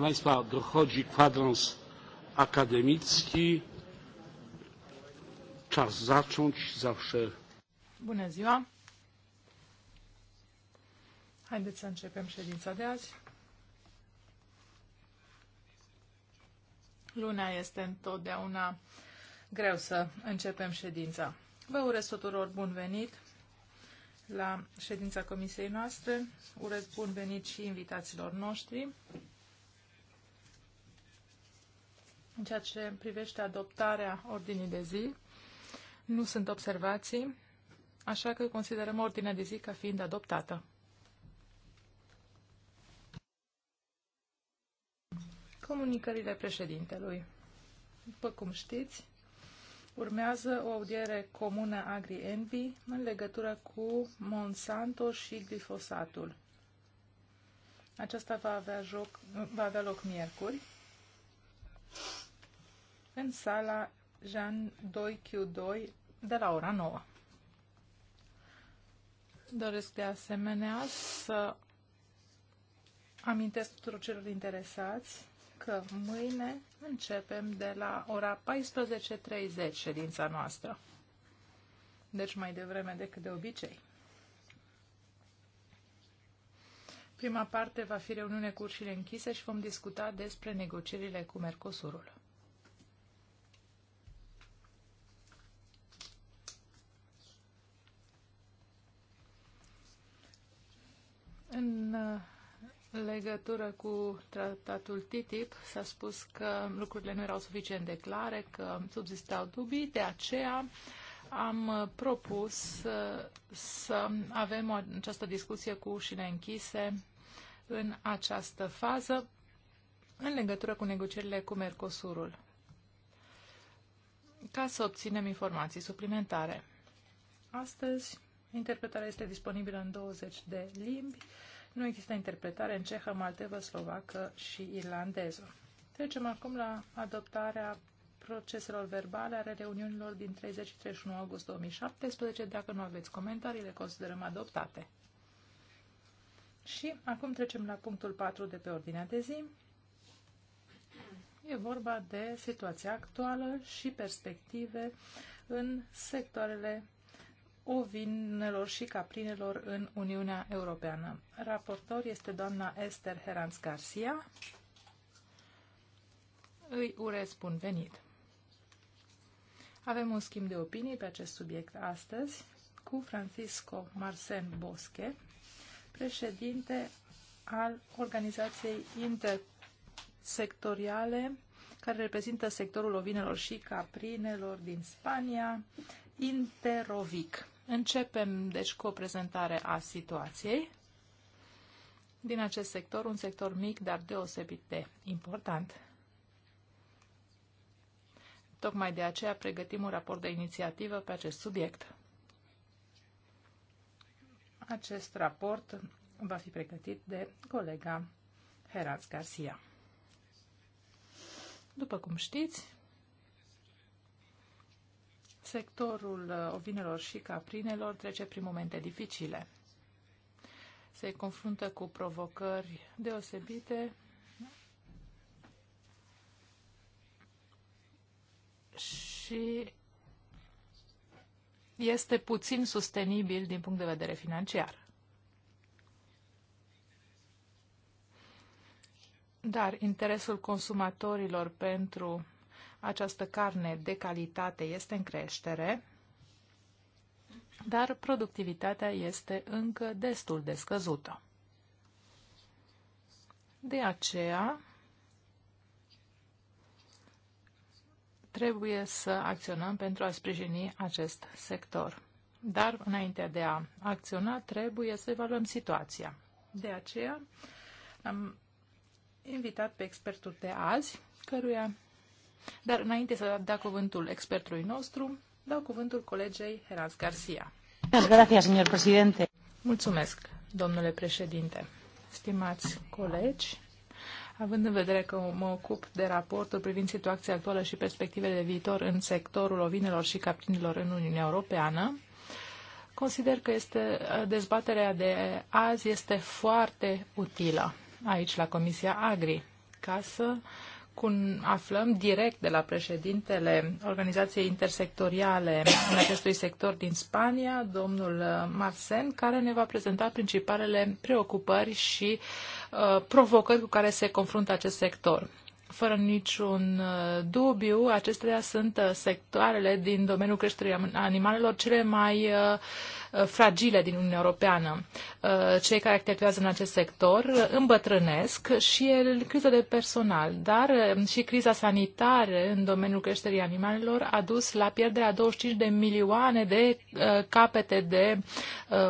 Proszę Państwa, dochodzi kwadrans akademicki. Czas zacząć zawsze. Bună ziua! Haideți să începem ședința de azi. Luna este întotdeauna greu să începem ședința. Vă urez tuturor bun venit la ședința comisiei noastre. Urez bun venit și invitaților noștri. În ceea ce privește adoptarea ordinii de zi, nu sunt observații, așa că considerăm ordinea de zi ca fiind adoptată. Comunicările președintelui. După cum știți, urmează o audiere comună Agri-Envi în legătură cu Monsanto și glifosatul. Aceasta va avea, joc, va avea loc miercuri în sala Jean 2Q2 de la ora 9. Doresc de asemenea să amintesc tuturor celor interesați că mâine începem de la ora 14.30 ședința noastră. Deci mai devreme decât de obicei. Prima parte va fi reuniune cu urșile închise și vom discuta despre negocierile cu Mercosurul. În uh, legătură cu tratatul TTIP s-a spus că lucrurile nu erau suficient de clare, că subzisteau dubii, de aceea am uh, propus să, uh, să avem această discuție cu ușile închise în această fază în legătură cu negocierile cu Mercosurul ca să obținem informații suplimentare. Astăzi, interpretarea este disponibilă în 20 de limbi. Nu există interpretare în cehă, maltevă, slovacă și irlandeză. Trecem acum la adoptarea proceselor verbale ale reuniunilor din 30 și 31 august 2017. Dacă nu aveți comentarii, le considerăm adoptate. Și acum trecem la punctul 4 de pe ordinea de zi. E vorba de situația actuală și perspective în sectoarele ovinelor și caprinelor în Uniunea Europeană. Raportor este doamna Esther Heranz Garcia. Îi urez bun venit. Avem un schimb de opinii pe acest subiect astăzi cu Francisco Marcen Bosche, președinte al Organizației Intersectoriale care reprezintă sectorul ovinelor și caprinelor din Spania, Interovic. Începem, deci, cu o prezentare a situației din acest sector, un sector mic, dar deosebit de important. Tocmai de aceea pregătim un raport de inițiativă pe acest subiect. Acest raport va fi pregătit de colega Heraz Garcia. După cum știți, Sectorul uh, ovinelor și caprinelor trece prin momente dificile. Se confruntă cu provocări deosebite și este puțin sustenibil din punct de vedere financiar. Dar interesul consumatorilor pentru această carne de calitate este în creștere, dar productivitatea este încă destul de scăzută. De aceea, trebuie să acționăm pentru a sprijini acest sector. Dar, înainte de a acționa, trebuie să evaluăm situația. De aceea, am invitat pe expertul de azi, căruia dar înainte să dau cuvântul expertului nostru, dau cuvântul colegei Heranz Garcia. Mulțumesc, domnule președinte. Stimați colegi, Având în vedere că mă ocup de raportul privind situația actuală și perspectivele de viitor în sectorul ovinelor și captinilor în Uniunea Europeană, consider că este, dezbaterea de azi este foarte utilă aici la Comisia Agri ca să aflăm direct de la președintele Organizației Intersectoriale în acestui sector din Spania, domnul uh, Marsen, care ne va prezenta principalele preocupări și uh, provocări cu care se confruntă acest sector. Fără niciun uh, dubiu, acestea sunt uh, sectoarele din domeniul creșterii animalelor cele mai uh, Uh, fragile din Uniunea Europeană. Uh, cei care activează în acest sector uh, îmbătrânesc și e criza de personal, dar și criza sanitară în domeniul creșterii animalelor a dus la pierderea 25 de milioane de capete de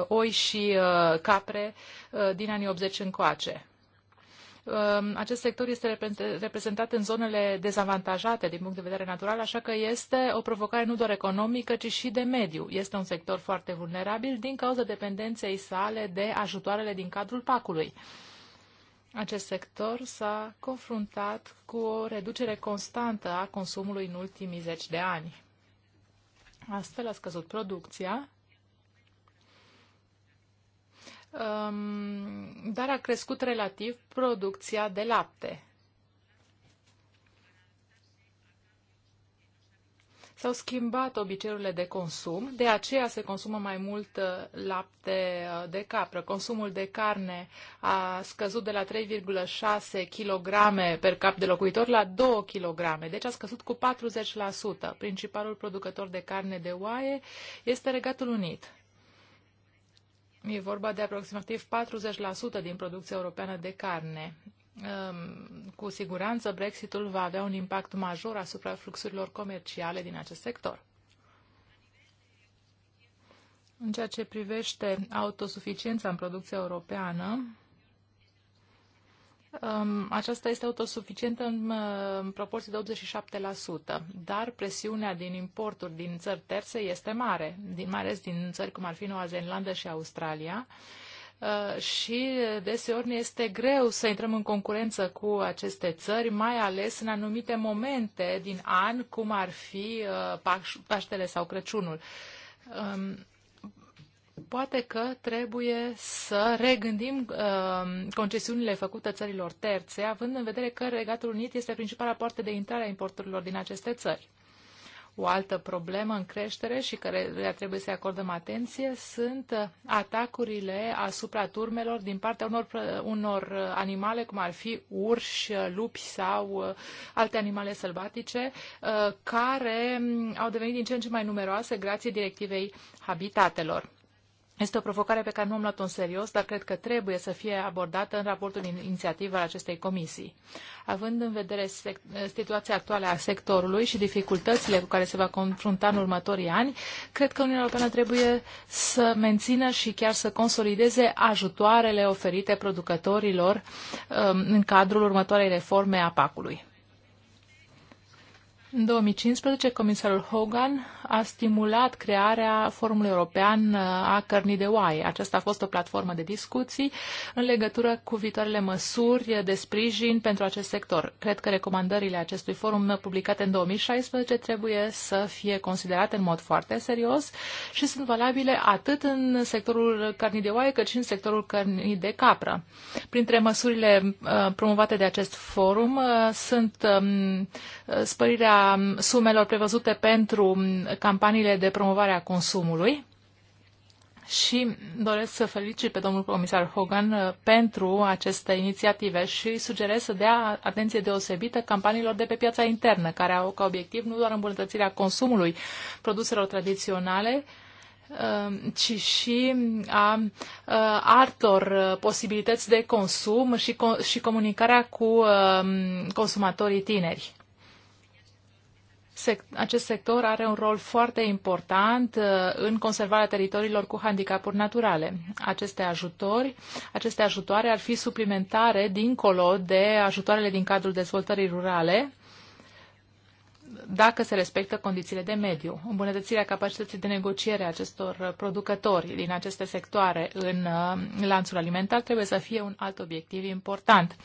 oi și capre din anii 80 încoace. Um, acest sector este reprezentat în zonele dezavantajate din punct de vedere natural, așa că este o provocare nu doar economică, ci și de mediu. Este un sector foarte vulnerabil din cauza dependenței sale de ajutoarele din cadrul pacului. Acest sector s-a confruntat cu o reducere constantă a consumului în ultimii zeci de ani. Astfel a scăzut producția, Um, dar a crescut relativ producția de lapte. S-au schimbat obiceiurile de consum, de aceea se consumă mai mult uh, lapte uh, de capră. Consumul de carne a scăzut de la 3,6 kg per cap de locuitor la 2 kg, deci a scăzut cu 40%. Principalul producător de carne de oaie este Regatul Unit. E vorba de aproximativ 40% din producția europeană de carne. Ehm, cu siguranță, Brexitul va avea un impact major asupra fluxurilor comerciale din acest sector. În ceea ce privește autosuficiența în producția europeană, Um, aceasta este autosuficientă în, uh, în proporție de 87%, dar presiunea din importuri din țări terțe este mare, din, mai ales din țări cum ar fi Noua Zeelandă și Australia. Uh, și deseori ne este greu să intrăm în concurență cu aceste țări, mai ales în anumite momente din an, cum ar fi uh, Paștele sau Crăciunul. Um, poate că trebuie să regândim uh, concesiunile făcute țărilor terțe, având în vedere că Regatul Unit este principala parte de intrare a importurilor din aceste țări. O altă problemă în creștere și care trebuie să-i acordăm atenție sunt uh, atacurile asupra turmelor din partea unor, uh, unor uh, animale, cum ar fi urși, lupi sau alte animale sălbatice, care um, au devenit din ce în ce mai numeroase grație directivei habitatelor. Este o provocare pe care nu am luat-o în serios, dar cred că trebuie să fie abordată în raportul inițiativă al acestei comisii. Având în vedere situația actuală a sectorului și dificultățile cu care se va confrunta în următorii ani, cred că Uniunea Europeană trebuie să mențină și chiar să consolideze ajutoarele oferite producătorilor um, în cadrul următoarei reforme a PAC-ului. În 2015, comisarul Hogan a stimulat crearea Forumului European uh, a Cărnii de Oaie. Aceasta a fost o platformă de discuții în legătură cu viitoarele măsuri de sprijin pentru acest sector. Cred că recomandările acestui forum uh, publicate în 2016 trebuie să fie considerate în mod foarte serios și sunt valabile atât în sectorul cărnii de oaie cât și în sectorul cărnii de capră. Printre măsurile uh, promovate de acest forum sunt um, spărirea Um, sumelor prevăzute pentru campaniile de promovare a consumului și doresc să felicit pe domnul comisar Hogan uh, pentru aceste inițiative și sugerez să dea atenție deosebită campaniilor de pe piața internă, care au ca obiectiv nu doar îmbunătățirea consumului produselor tradiționale, uh, ci și a uh, altor posibilități de consum și, și comunicarea cu consumatorii tineri acest sector are un rol foarte important uh, în conservarea teritoriilor cu handicapuri naturale. Aceste ajutori, aceste ajutoare ar fi suplimentare dincolo de ajutoarele din cadrul dezvoltării rurale, dacă se respectă condițiile de mediu. Îmbunătățirea capacității de negociere a acestor producători din aceste sectoare în uh, lanțul alimentar trebuie să fie un alt obiectiv important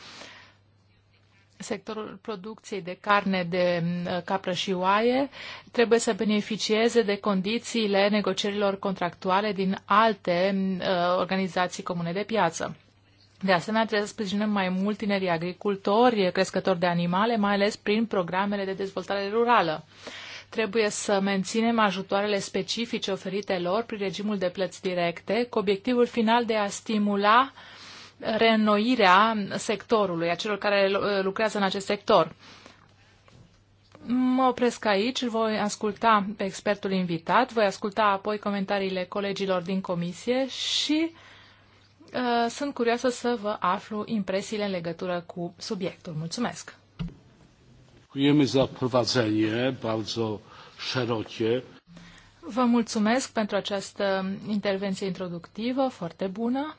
sectorul producției de carne de capră și oaie trebuie să beneficieze de condițiile negocierilor contractuale din alte uh, organizații comune de piață. De asemenea, trebuie să sprijinim mai mult tinerii agricultori, crescători de animale, mai ales prin programele de dezvoltare rurală. Trebuie să menținem ajutoarele specifice oferite lor prin regimul de plăți directe, cu obiectivul final de a stimula uh, reînnoirea sectorului, a celor care lucrează în acest sector. Mă opresc aici, îl voi asculta pe expertul invitat, voi asculta apoi comentariile colegilor din comisie și uh, sunt curioasă să vă aflu impresiile în legătură cu subiectul. Mulțumesc! Vă mulțumesc pentru această intervenție introductivă foarte bună.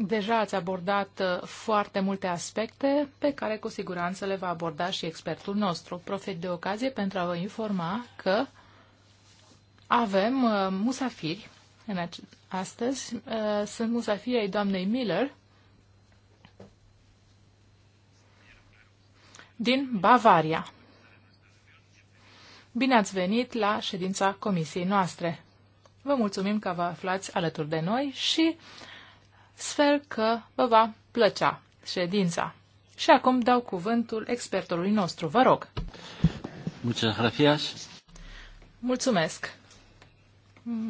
Deja ați abordat uh, foarte multe aspecte pe care cu siguranță le va aborda și expertul nostru. Profit de ocazie pentru a vă informa că avem uh, musafiri în astăzi. Uh, sunt musafiri ai doamnei Miller din Bavaria. Bine ați venit la ședința comisiei noastre. Vă mulțumim că vă aflați alături de noi și uh, Sper că vă va plăcea ședința. Și acum dau cuvântul expertului nostru. Vă rog. Mulțumesc.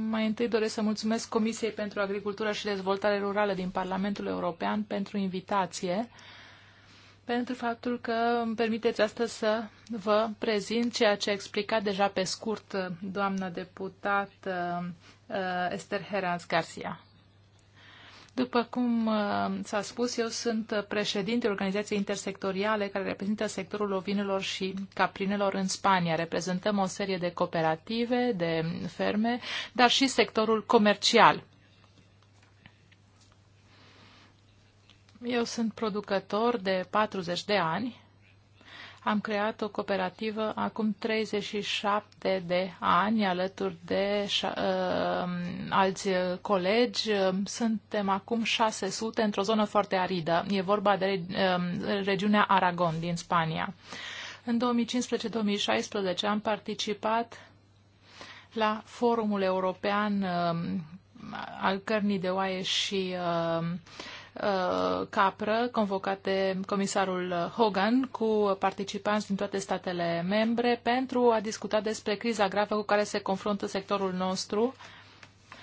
Mai întâi doresc să mulțumesc Comisiei pentru Agricultură și Dezvoltare Rurală din Parlamentul European pentru invitație, pentru faptul că îmi permiteți astăzi să vă prezint ceea ce a explicat deja pe scurt doamna deputat uh, Esther Heranz Garcia. După cum uh, s-a spus, eu sunt președinte organizației intersectoriale care reprezintă sectorul ovinelor și caprinelor în Spania. Reprezentăm o serie de cooperative, de ferme, dar și sectorul comercial. Eu sunt producător de 40 de ani am creat o cooperativă acum 37 de ani alături de uh, alți colegi. Suntem acum 600 într-o zonă foarte aridă. E vorba de uh, regiunea Aragon din Spania. În 2015-2016 am participat la Forumul European uh, al Cărnii de Oaie și uh, Uh, capră convocat de comisarul Hogan cu participanți din toate statele membre pentru a discuta despre criza gravă cu care se confruntă sectorul nostru,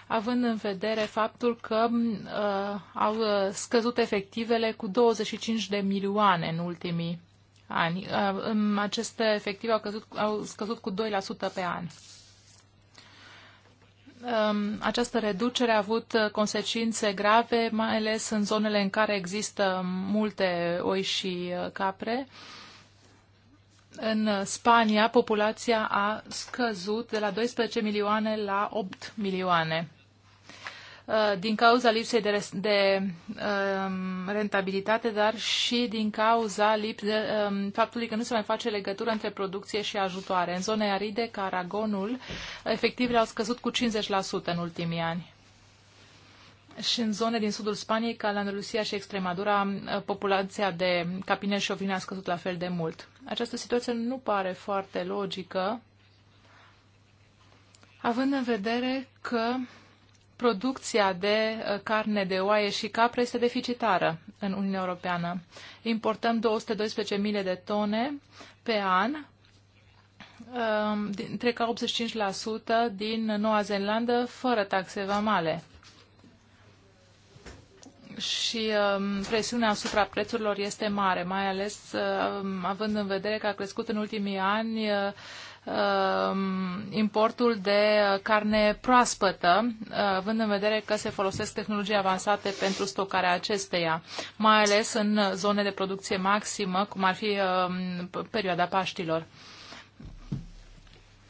având în vedere faptul că uh, au uh, scăzut efectivele cu 25 de milioane în ultimii ani. Uh, aceste efective au, căzut, au scăzut cu 2% pe an. Um, această reducere a avut uh, consecințe grave, mai ales în zonele în care există multe oi și uh, capre. În uh, Spania, populația a scăzut de la 12 milioane la 8 milioane. Uh, din cauza lipsei de, de um, rentabilitate, dar și din cauza lip de, um, faptului că nu se mai face legătură între producție și ajutoare. În zone aride, caragonul, le au scăzut cu 50% în ultimii ani. Și în zone din sudul Spaniei, ca la Andalusia și Extremadura, uh, populația de capine și ovine a scăzut la fel de mult. Această situație nu pare foarte logică, având în vedere că producția de uh, carne de oaie și capră este deficitară în Uniunea Europeană. Importăm 212.000 de tone pe an, um, dintre ca 85% din Noua Zeelandă, fără taxe vamale. Și um, presiunea asupra prețurilor este mare, mai ales uh, având în vedere că a crescut în ultimii ani uh, Um, importul de uh, carne proaspătă, uh, având în vedere că se folosesc tehnologii avansate pentru stocarea acesteia, mai ales în zone de producție maximă, cum ar fi um, perioada Paștilor.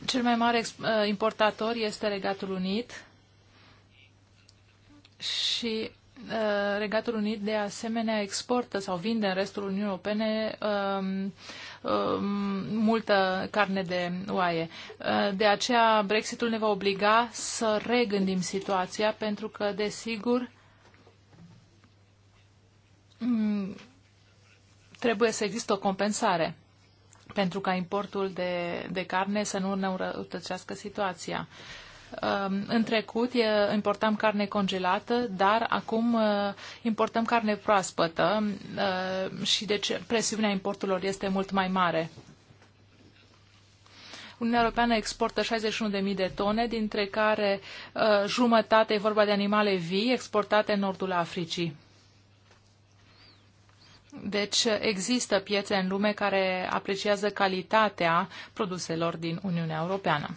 Cel mai mare uh, importator este Regatul Unit și Regatul Unit de asemenea exportă sau vinde în restul Uniunii Europene um, Um, multă carne de oaie. Uh, de aceea Brexitul ne va obliga să regândim situația pentru că, desigur, mm, trebuie să există o compensare pentru ca importul de, de carne să nu ne înrăutățească situația. Uh, Um, în trecut importam carne congelată, dar acum uh, importăm carne proaspătă uh, și deci presiunea importurilor este mult mai mare. Uniunea Europeană exportă 61.000 de tone, dintre care uh, jumătate e vorba de animale vii exportate în nordul Africii. Deci există piețe în lume care apreciază calitatea produselor din Uniunea Europeană.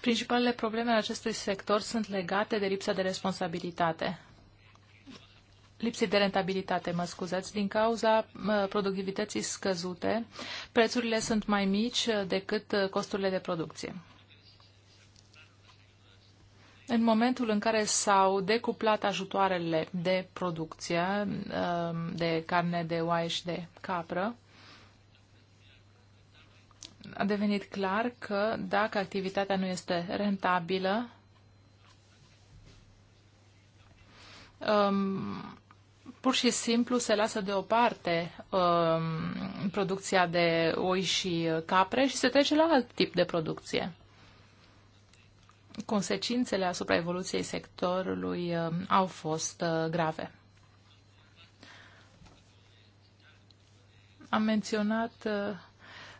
Principalele probleme ale acestui sector sunt legate de lipsa de responsabilitate. Lipsii de rentabilitate, mă scuzați, din cauza productivității scăzute, prețurile sunt mai mici uh, decât uh, costurile de producție. În momentul în care s-au decuplat ajutoarele de producție uh, de carne de oaie și de capră, a devenit clar că dacă activitatea nu este rentabilă, um, pur și simplu se lasă deoparte um, producția de oi și capre și se trece la alt tip de producție. Consecințele asupra evoluției sectorului um, au fost uh, grave. Am menționat uh,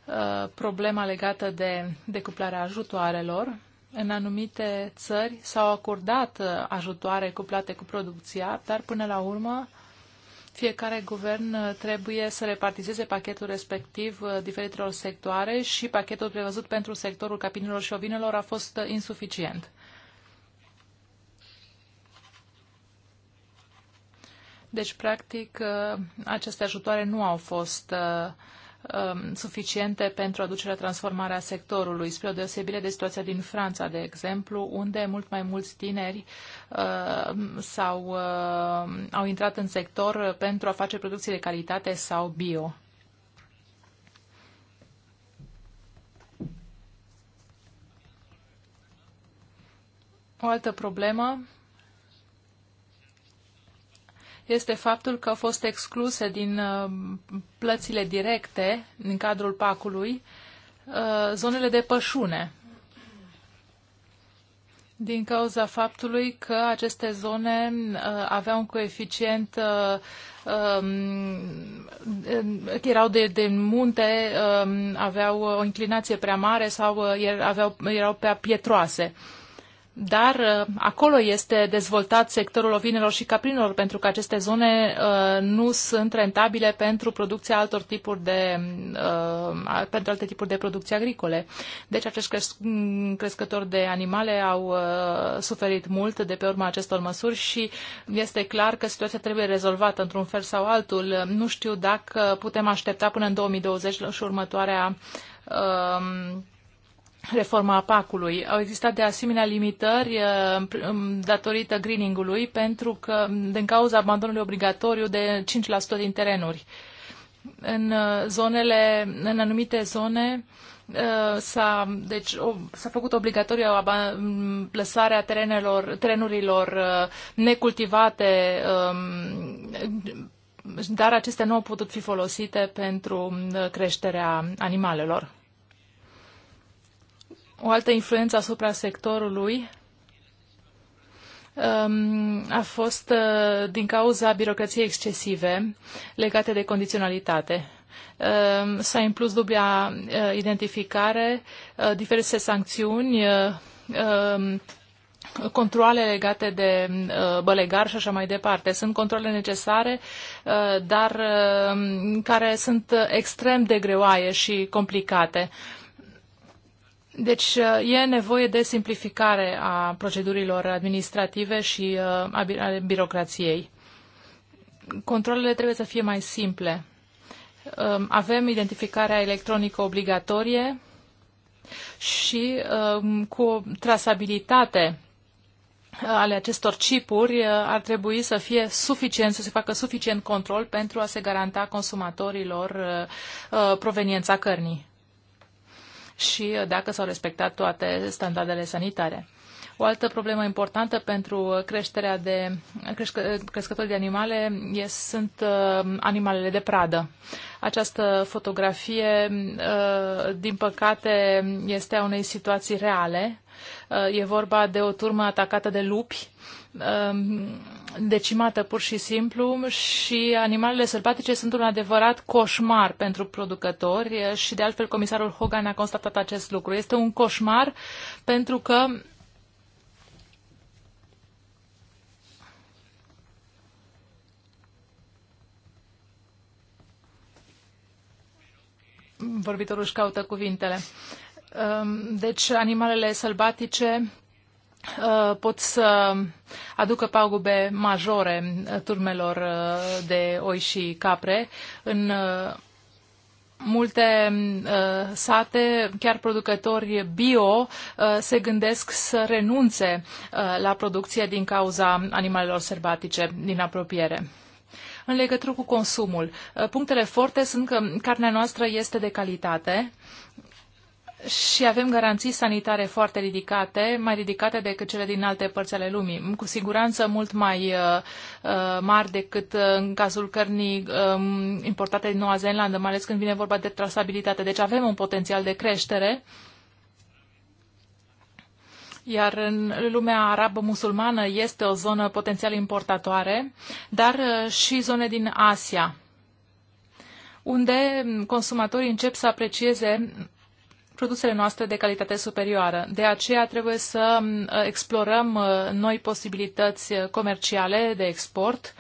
Uh, problema legată de decuplarea ajutoarelor. În anumite țări s-au acordat uh, ajutoare cuplate cu producția, dar până la urmă fiecare guvern uh, trebuie să repartizeze pachetul respectiv diferitelor sectoare și pachetul prevăzut pentru sectorul capinilor și ovinelor a fost insuficient. Deci, practic, aceste ajutoare nu au fost Um, suficiente pentru aducerea transformarea sectorului, spre o deosebire de situația din Franța, de exemplu, unde mult mai mulți tineri uh, sau uh, au intrat în sector pentru a face producții de calitate sau bio. O altă problemă este faptul că au fost excluse din uh, plățile directe din cadrul pacului uh, zonele de pășune din cauza faptului că aceste zone uh, aveau un coeficient um, erau de, de munte, um, aveau o inclinație prea mare sau erau erau prea pietroase. Dar uh, acolo este dezvoltat sectorul ovinelor și caprinelor, pentru că aceste zone uh, nu sunt rentabile pentru producția altor tipuri de, uh, pentru alte tipuri de producție agricole. Deci acești mm, crescători de animale au suferit mult de pe urma acestor măsuri și este clar că situația trebuie rezolvată într-un fel sau altul. Nu știu dacă putem aștepta până în 2020 și următoarea um, reforma PAC-ului. Au existat de asemenea limitări uh, datorită greening-ului pentru că din cauza abandonului obligatoriu de 5% din terenuri. În uh, zonele, în anumite zone uh, s-a, deci, s-a făcut obligatoriu plasarea terenelor, terenurilor necultivate um, dar acestea nu au putut fi folosite pentru creșterea animalelor o altă influență asupra sectorului um, a fost uh, din cauza birocrației excesive legate de condiționalitate. Um, s-a impus dubia uh, identificare, uh, diverse sancțiuni, um, controle legate de bălegar și așa mai departe. Sunt controle necesare, dar care sunt extrem de greoaie și complicate. Deci uh, e nevoie de simplificare a procedurilor administrative și uh, a birocrației. Controlele trebuie să fie mai simple. Um, avem identificarea electronică obligatorie și um, cu o trasabilitate uh, ale acestor chipuri ar trebui să fie suficient, să se facă suficient control pentru a se garanta consumatorilor proveniența cărnii și dacă s-au respectat toate standardele sanitare. O altă problemă importantă pentru creșterea de crescători de animale sunt uh, animalele de pradă. Această fotografie, uh, din păcate, este a unei situații reale. Uh, e vorba de o turmă atacată de lupi. Um, decimată pur și simplu și animalele sălbatice sunt un adevărat coșmar pentru producători și de altfel comisarul Hogan a constatat acest lucru. Este un coșmar pentru că vorbitorul își caută cuvintele. Deci animalele sălbatice Uh, pot să aducă pagube majore uh, turmelor uh, de oi și capre. În multe sate, chiar producători bio, se gândesc să renunțe la producție din cauza animalelor sărbatice din apropiere. În legătură cu consumul, punctele forte sunt că carnea noastră este de calitate, și avem garanții sanitare foarte ridicate, mai ridicate decât cele din alte părți ale lumii, cu siguranță mult mai uh, uh mari decât uh, în cazul cărnii um, importate din Noua Zeelandă, mai ales când vine vorba de trasabilitate. Deci avem un potențial de creștere. Iar în lumea arabă musulmană este o zonă potențial importatoare, dar uh, și zone din Asia, unde consumatorii încep să aprecieze produsele noastre de calitate superioară. De aceea trebuie să mm, explorăm uh, noi posibilități comerciale de export.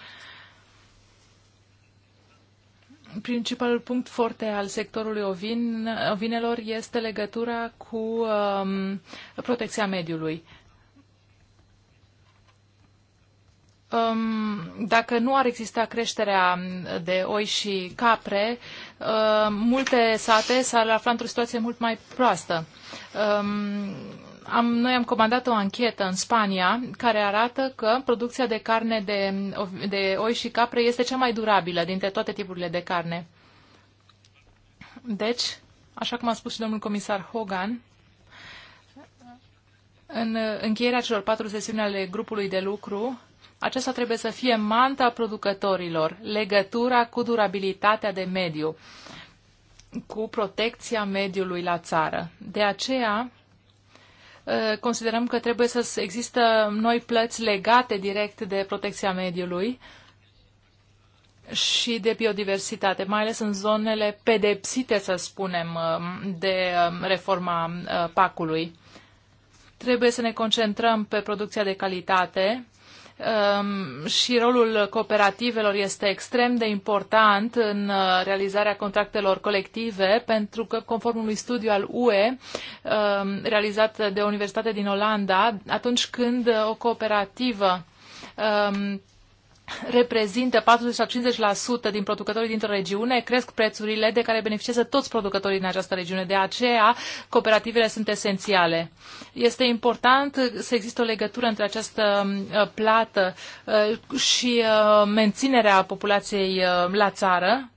Principalul punct forte al sectorului ovin, ovinelor este legătura cu um, protecția mediului. Um, dacă nu ar exista creșterea de oi și capre, um, multe sate s-ar afla într-o situație mult mai proastă. Um, am, noi am comandat o anchetă în Spania care arată că producția de carne de, de oi și capre este cea mai durabilă dintre toate tipurile de carne. Deci, așa cum a spus și domnul comisar Hogan, în încheierea celor patru sesiuni ale grupului de lucru, aceasta trebuie să fie manta producătorilor, legătura cu durabilitatea de mediu, cu protecția mediului la țară. De aceea, ă, considerăm că trebuie să există noi plăți legate direct de protecția mediului și de biodiversitate, mai ales în zonele pedepsite, să spunem, ă, de ă, reforma pacului. Trebuie să ne concentrăm pe producția de calitate Um, și rolul cooperativelor este extrem de important în uh, realizarea contractelor colective, pentru că, conform unui studiu al UE um, realizat de o universitate din Olanda, atunci când o cooperativă um, reprezintă 40-50% din producătorii dintr-o regiune, cresc prețurile de care beneficiază toți producătorii din această regiune. De aceea, cooperativele sunt esențiale. Este important să există o legătură între această uh, plată uh, și uh, menținerea populației la țară,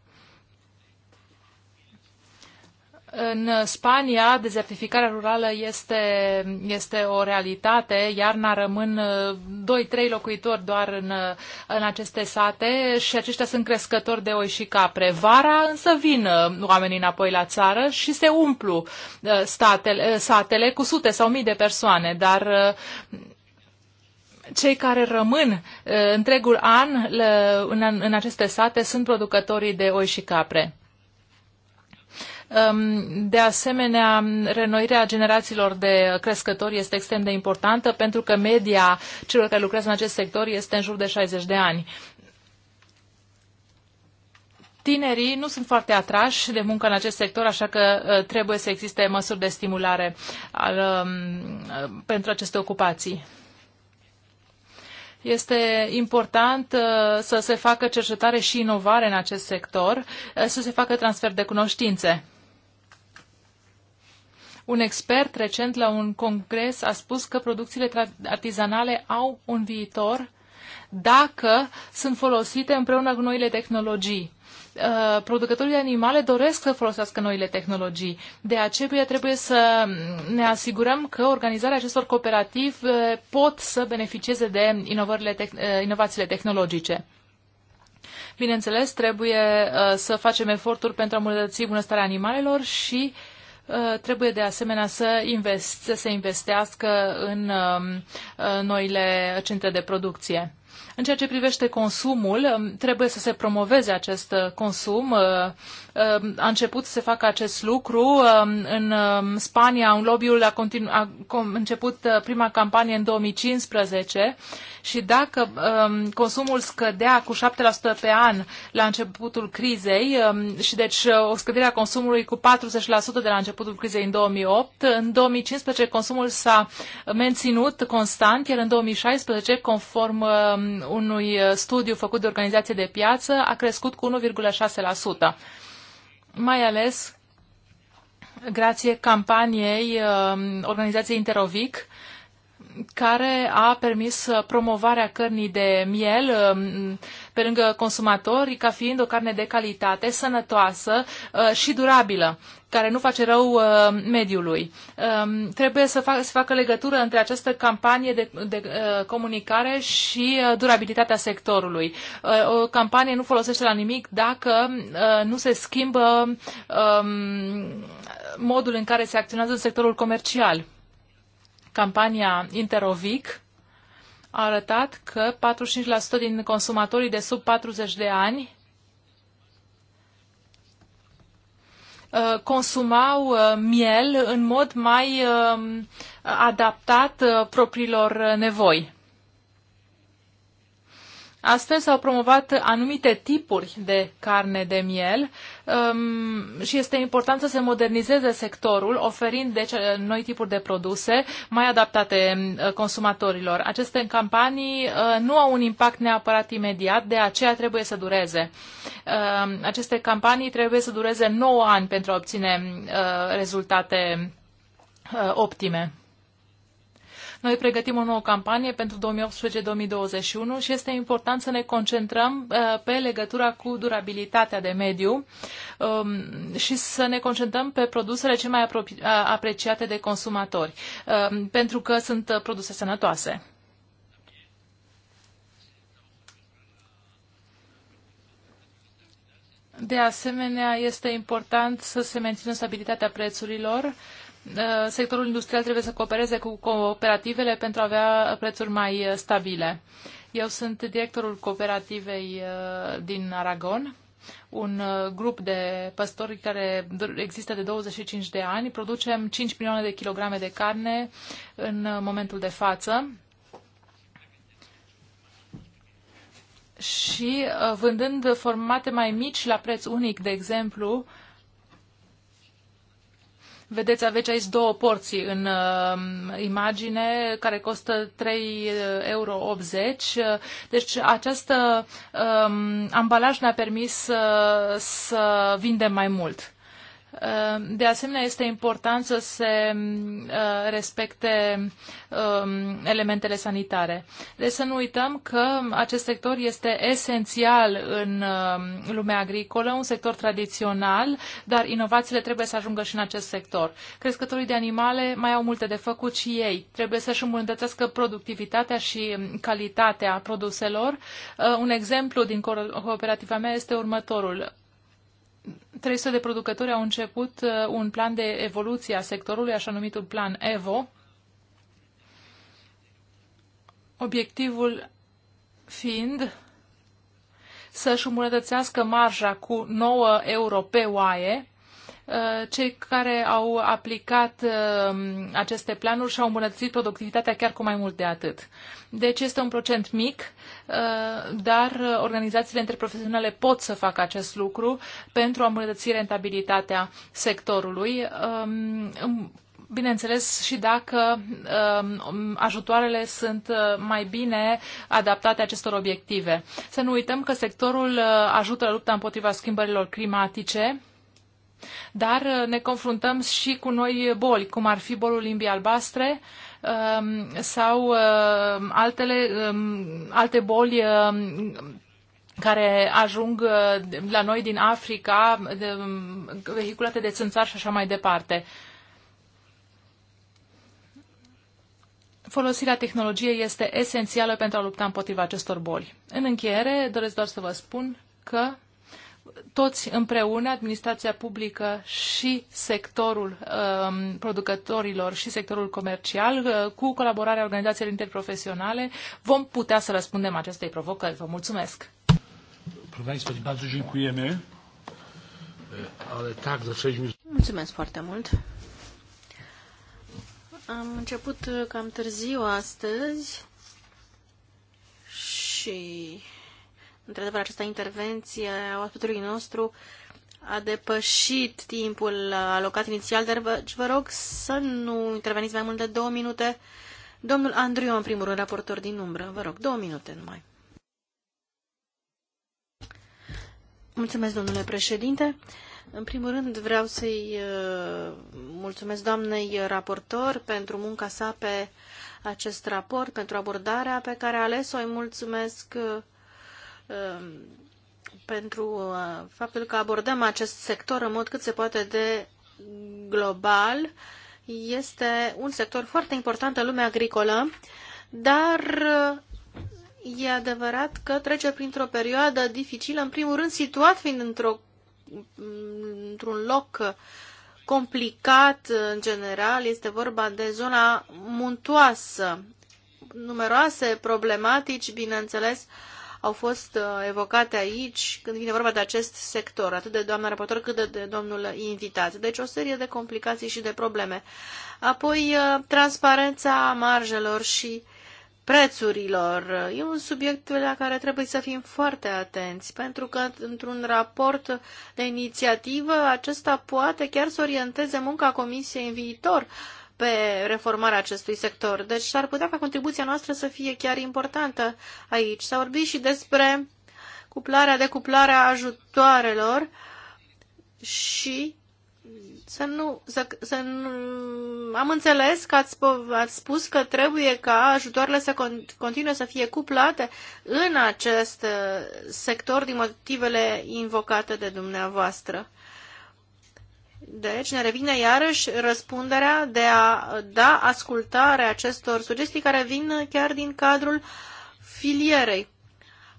În Spania, dezertificarea rurală este, este o realitate. Iarna rămân 2-3 uh, locuitori doar în, uh, în aceste sate și aceștia sunt crescători de oi și capre. Vara însă vin uh, oamenii înapoi la țară și se umplu statele, satele cu sute sau mii de persoane, dar cei care rămân întregul an în aceste sate sunt producătorii de oi și capre. De asemenea, renoirea generațiilor de crescători este extrem de importantă pentru că media celor care lucrează în acest sector este în jur de 60 de ani. Tinerii nu sunt foarte atrași de muncă în acest sector, așa că uh, trebuie să existe măsuri de stimulare al, um, uh, pentru aceste ocupații. Este important uh, să se facă cercetare și inovare în acest sector, să se facă transfer de cunoștințe. Un expert recent la un congres a spus că producțiile artizanale au un viitor dacă sunt folosite împreună cu noile tehnologii. Uh, producătorii de animale doresc să folosească noile tehnologii. De aceea trebuie să ne asigurăm că organizarea acestor cooperativ uh, pot să beneficieze de inovările te- uh, inovațiile tehnologice. Bineînțeles, trebuie uh, să facem eforturi pentru a îmbunătăți bunăstarea animalelor și uh, Uh, trebuie de asemenea să, invest, să se investească în um, uh, noile centre de producție. În ceea ce privește consumul, um, trebuie să se promoveze acest uh, consum. Uh, um, a început să se facă acest lucru. Um, în Spania, un lobby-ul a, a început uh, prima campanie în 2015 și dacă consumul scădea cu 7% pe an la începutul crizei și deci o scădere a consumului cu 40% de la începutul crizei în 2008, în 2015 consumul s-a menținut constant, iar în 2016, conform Um, unui uh, studiu făcut de organizație de piață a crescut cu 1,6%. Mai ales grație campaniei um, organizației Interovic care a permis promovarea cărnii de miel um, pe lângă consumatori ca fiind o carne de calitate, sănătoasă uh, și durabilă care nu face rău uh, mediului. Um, trebuie să, fac, să facă legătură între această campanie de, de uh, comunicare și uh, durabilitatea sectorului. Uh, o campanie nu folosește la nimic dacă uh, nu se schimbă um, modul în care se acționează sectorul comercial campania Interovic a arătat că 45% din consumatorii de sub 40 de ani uh, consumau uh, miel în mod mai um, adaptat uh, propriilor nevoi. Astfel s-au promovat anumite tipuri de carne de miel um, și este important să se modernizeze sectorul, oferind deci uh, noi tipuri de produse mai adaptate um, uh, consumatorilor. Aceste campanii uh, nu au un impact neapărat imediat, de aceea trebuie să dureze. Um, aceste campanii trebuie să dureze 9 ani pentru a obține uh, rezultate uh, optime. Noi pregătim o nouă campanie pentru 2018-2021 și este important să ne concentrăm uh, pe legătura cu durabilitatea de mediu um, și să ne concentrăm pe produsele cele mai uh, apreciate de consumatori, um, pentru că sunt uh, produse sănătoase. De asemenea, este important să se mențină stabilitatea prețurilor Uh, sectorul industrial trebuie să coopereze cu cooperativele pentru a avea prețuri mai uh, stabile. Eu sunt directorul cooperativei uh, din Aragon, un grup de păstori care există de 25 de ani. Producem 5 milioane de kilograme de carne în momentul de față. Și vândând formate mai mici la preț unic, de exemplu, Vedeți, aveți aici două porții în uh, imagine care costă 3,80 uh, euro. Deci această uh, ambalaj ne-a permis uh, să, să vindem mai mult. Uh, de asemenea, este important să se uh, respecte um, elementele sanitare. Deci să nu uităm că acest sector este esențial în um, lumea agricolă, un sector tradițional, dar inovațiile trebuie să ajungă și în acest sector. Crescătorii de animale mai au multe de făcut și ei. Trebuie să-și îmbunătățească productivitatea și um, calitatea produselor. Uh, un exemplu din cooperativa mea este următorul. 300 de producători au început uh, un plan de evoluție a sectorului, așa numitul plan EVO. Obiectivul fiind să-și îmbunătățească marja cu 9 euro pe oaie, Uh, cei care au aplicat uh, aceste planuri și-au îmbunătățit productivitatea chiar cu mai mult de atât. Deci este un procent mic, uh, dar organizațiile interprofesionale pot să facă acest lucru pentru a îmbunătăți rentabilitatea sectorului um, bineînțeles și dacă um, ajutoarele sunt mai bine adaptate acestor obiective. Să nu uităm că sectorul ajută la lupta împotriva schimbărilor climatice dar uh, ne confruntăm și cu noi boli, cum ar fi bolul limbii albastre um, sau uh, altele, um, alte boli um, care ajung uh, la noi din Africa, vehiculate de țânțar și așa mai departe. Folosirea tehnologiei este esențială pentru a lupta împotriva acestor boli. În încheiere, doresc doar să vă spun că toți împreună, administrația publică și sectorul um, producătorilor și sectorul comercial, uh, cu colaborarea organizațiilor interprofesionale, vom putea să răspundem acestei provocări. Vă mulțumesc! Mulțumesc foarte mult! Am început cam târziu astăzi și Într-adevăr, această intervenție a oaspetului nostru a depășit timpul uh, alocat inițial, dar vă, vă rog să nu interveniți mai mult de două minute. Domnul Andriu, în primul rând, raportor din umbră, vă rog, două minute numai. Mulțumesc, domnule președinte. În primul rând vreau să-i uh, mulțumesc doamnei raportor pentru munca sa pe acest raport, pentru abordarea pe care a ales-o. Îi mulțumesc uh, Um, pentru uh, faptul că abordăm acest sector în mod cât se poate de global. Este un sector foarte important în lumea agricolă, dar uh, e adevărat că trece printr-o perioadă dificilă, în primul rând situat fiind într-o, mm, într-un loc complicat uh, în general, este vorba de zona muntoasă. Numeroase problematici, bineînțeles, uh, au fost uh, evocate aici când vine vorba de acest sector, atât de doamna raportor cât de, de domnul invitat. Deci o serie de complicații și de probleme. Apoi, uh, transparența marjelor și prețurilor. E un subiect la care trebuie să fim foarte atenți, pentru că într-un raport de inițiativă acesta poate chiar să orienteze munca Comisiei în viitor pe reformarea acestui sector. Deci s-ar putea ca contribuția noastră să fie chiar importantă aici. S-a vorbit și despre cuplarea, decuplarea ajutoarelor și să nu, să, să nu... Am înțeles că ați, ați spus că trebuie ca ajutoarele să con, continue să fie cuplate în acest uh, sector din motivele invocate de dumneavoastră. Deci ne revine iarăși răspunderea de a da ascultare acestor sugestii care vin chiar din cadrul filierei.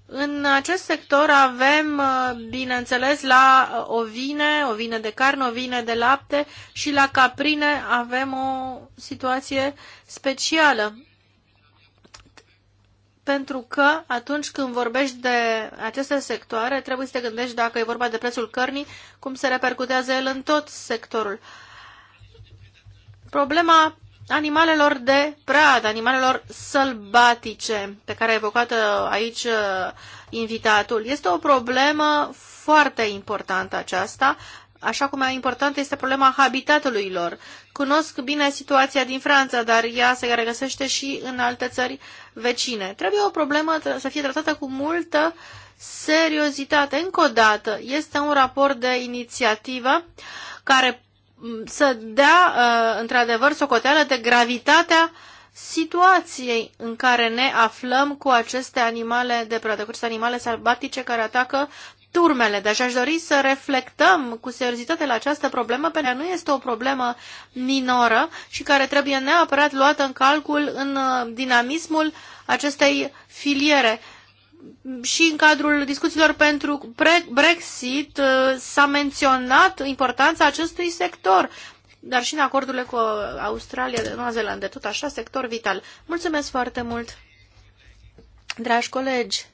În acest sector avem, uh, bineînțeles, la ovine, ovine de carne, ovine de lapte și la caprine avem o situație specială pentru că atunci când vorbești de aceste sectoare, trebuie să te gândești dacă e vorba de prețul cărnii, cum se repercutează el în tot sectorul. Problema animalelor de prad animalelor sălbatice, pe care a evocat uh, aici uh, invitatul, este o problemă foarte importantă aceasta, așa cum mai importantă este problema habitatului lor. Cunosc bine situația din Franța, dar ea se regăsește și în alte țări vecine. Trebuie o problemă să fie tratată cu multă seriozitate. Încă o dată, este un raport de inițiativă care să dea, uh, într-adevăr, socoteală de gravitatea situației în care ne aflăm cu aceste animale de pradă, cu aceste animale sălbatice care atacă turmele. Deci aș dori să reflectăm cu seriozitate la această problemă, pentru că nu este o problemă minoră și care trebuie neapărat luată în calcul în uh, dinamismul acestei filiere. Și în cadrul discuțiilor pentru Brexit uh, s-a menționat importanța acestui sector, dar și în acordurile cu Australia, de Noua Zeelandă, tot așa, sector vital. Mulțumesc foarte mult! Dragi colegi,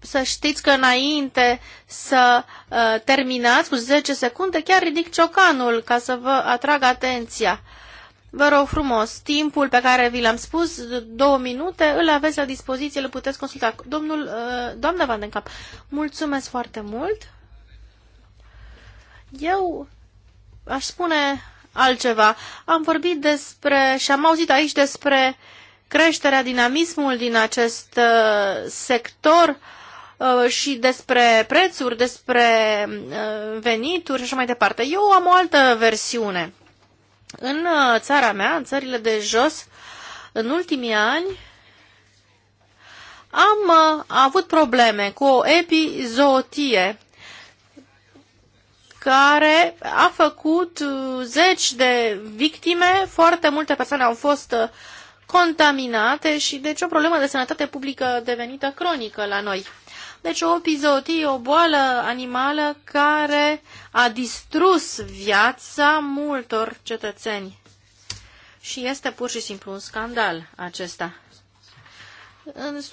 să știți că înainte să uh, terminați cu 10 secunde, chiar ridic ciocanul ca să vă atrag atenția. Vă rog frumos, timpul pe care vi l-am spus, două minute, îl aveți la dispoziție, îl puteți consulta. Domnul, uh, doamna Van den Kamp, mulțumesc foarte mult. Eu aș spune altceva. Am vorbit despre și am auzit aici despre uh, creșterea, dinamismul din acest uh, sector uh, și despre prețuri, despre uh, venituri și așa mai departe. Eu am o altă versiune. În țara mea, în țările de jos, în ultimii ani, am avut probleme cu o epizootie care a făcut zeci de victime, foarte multe persoane au fost contaminate și deci o problemă de sănătate publică devenită cronică la noi. Deci o epizotie, o boală animală care a distrus viața multor cetățeni. Și este pur și simplu un scandal acesta.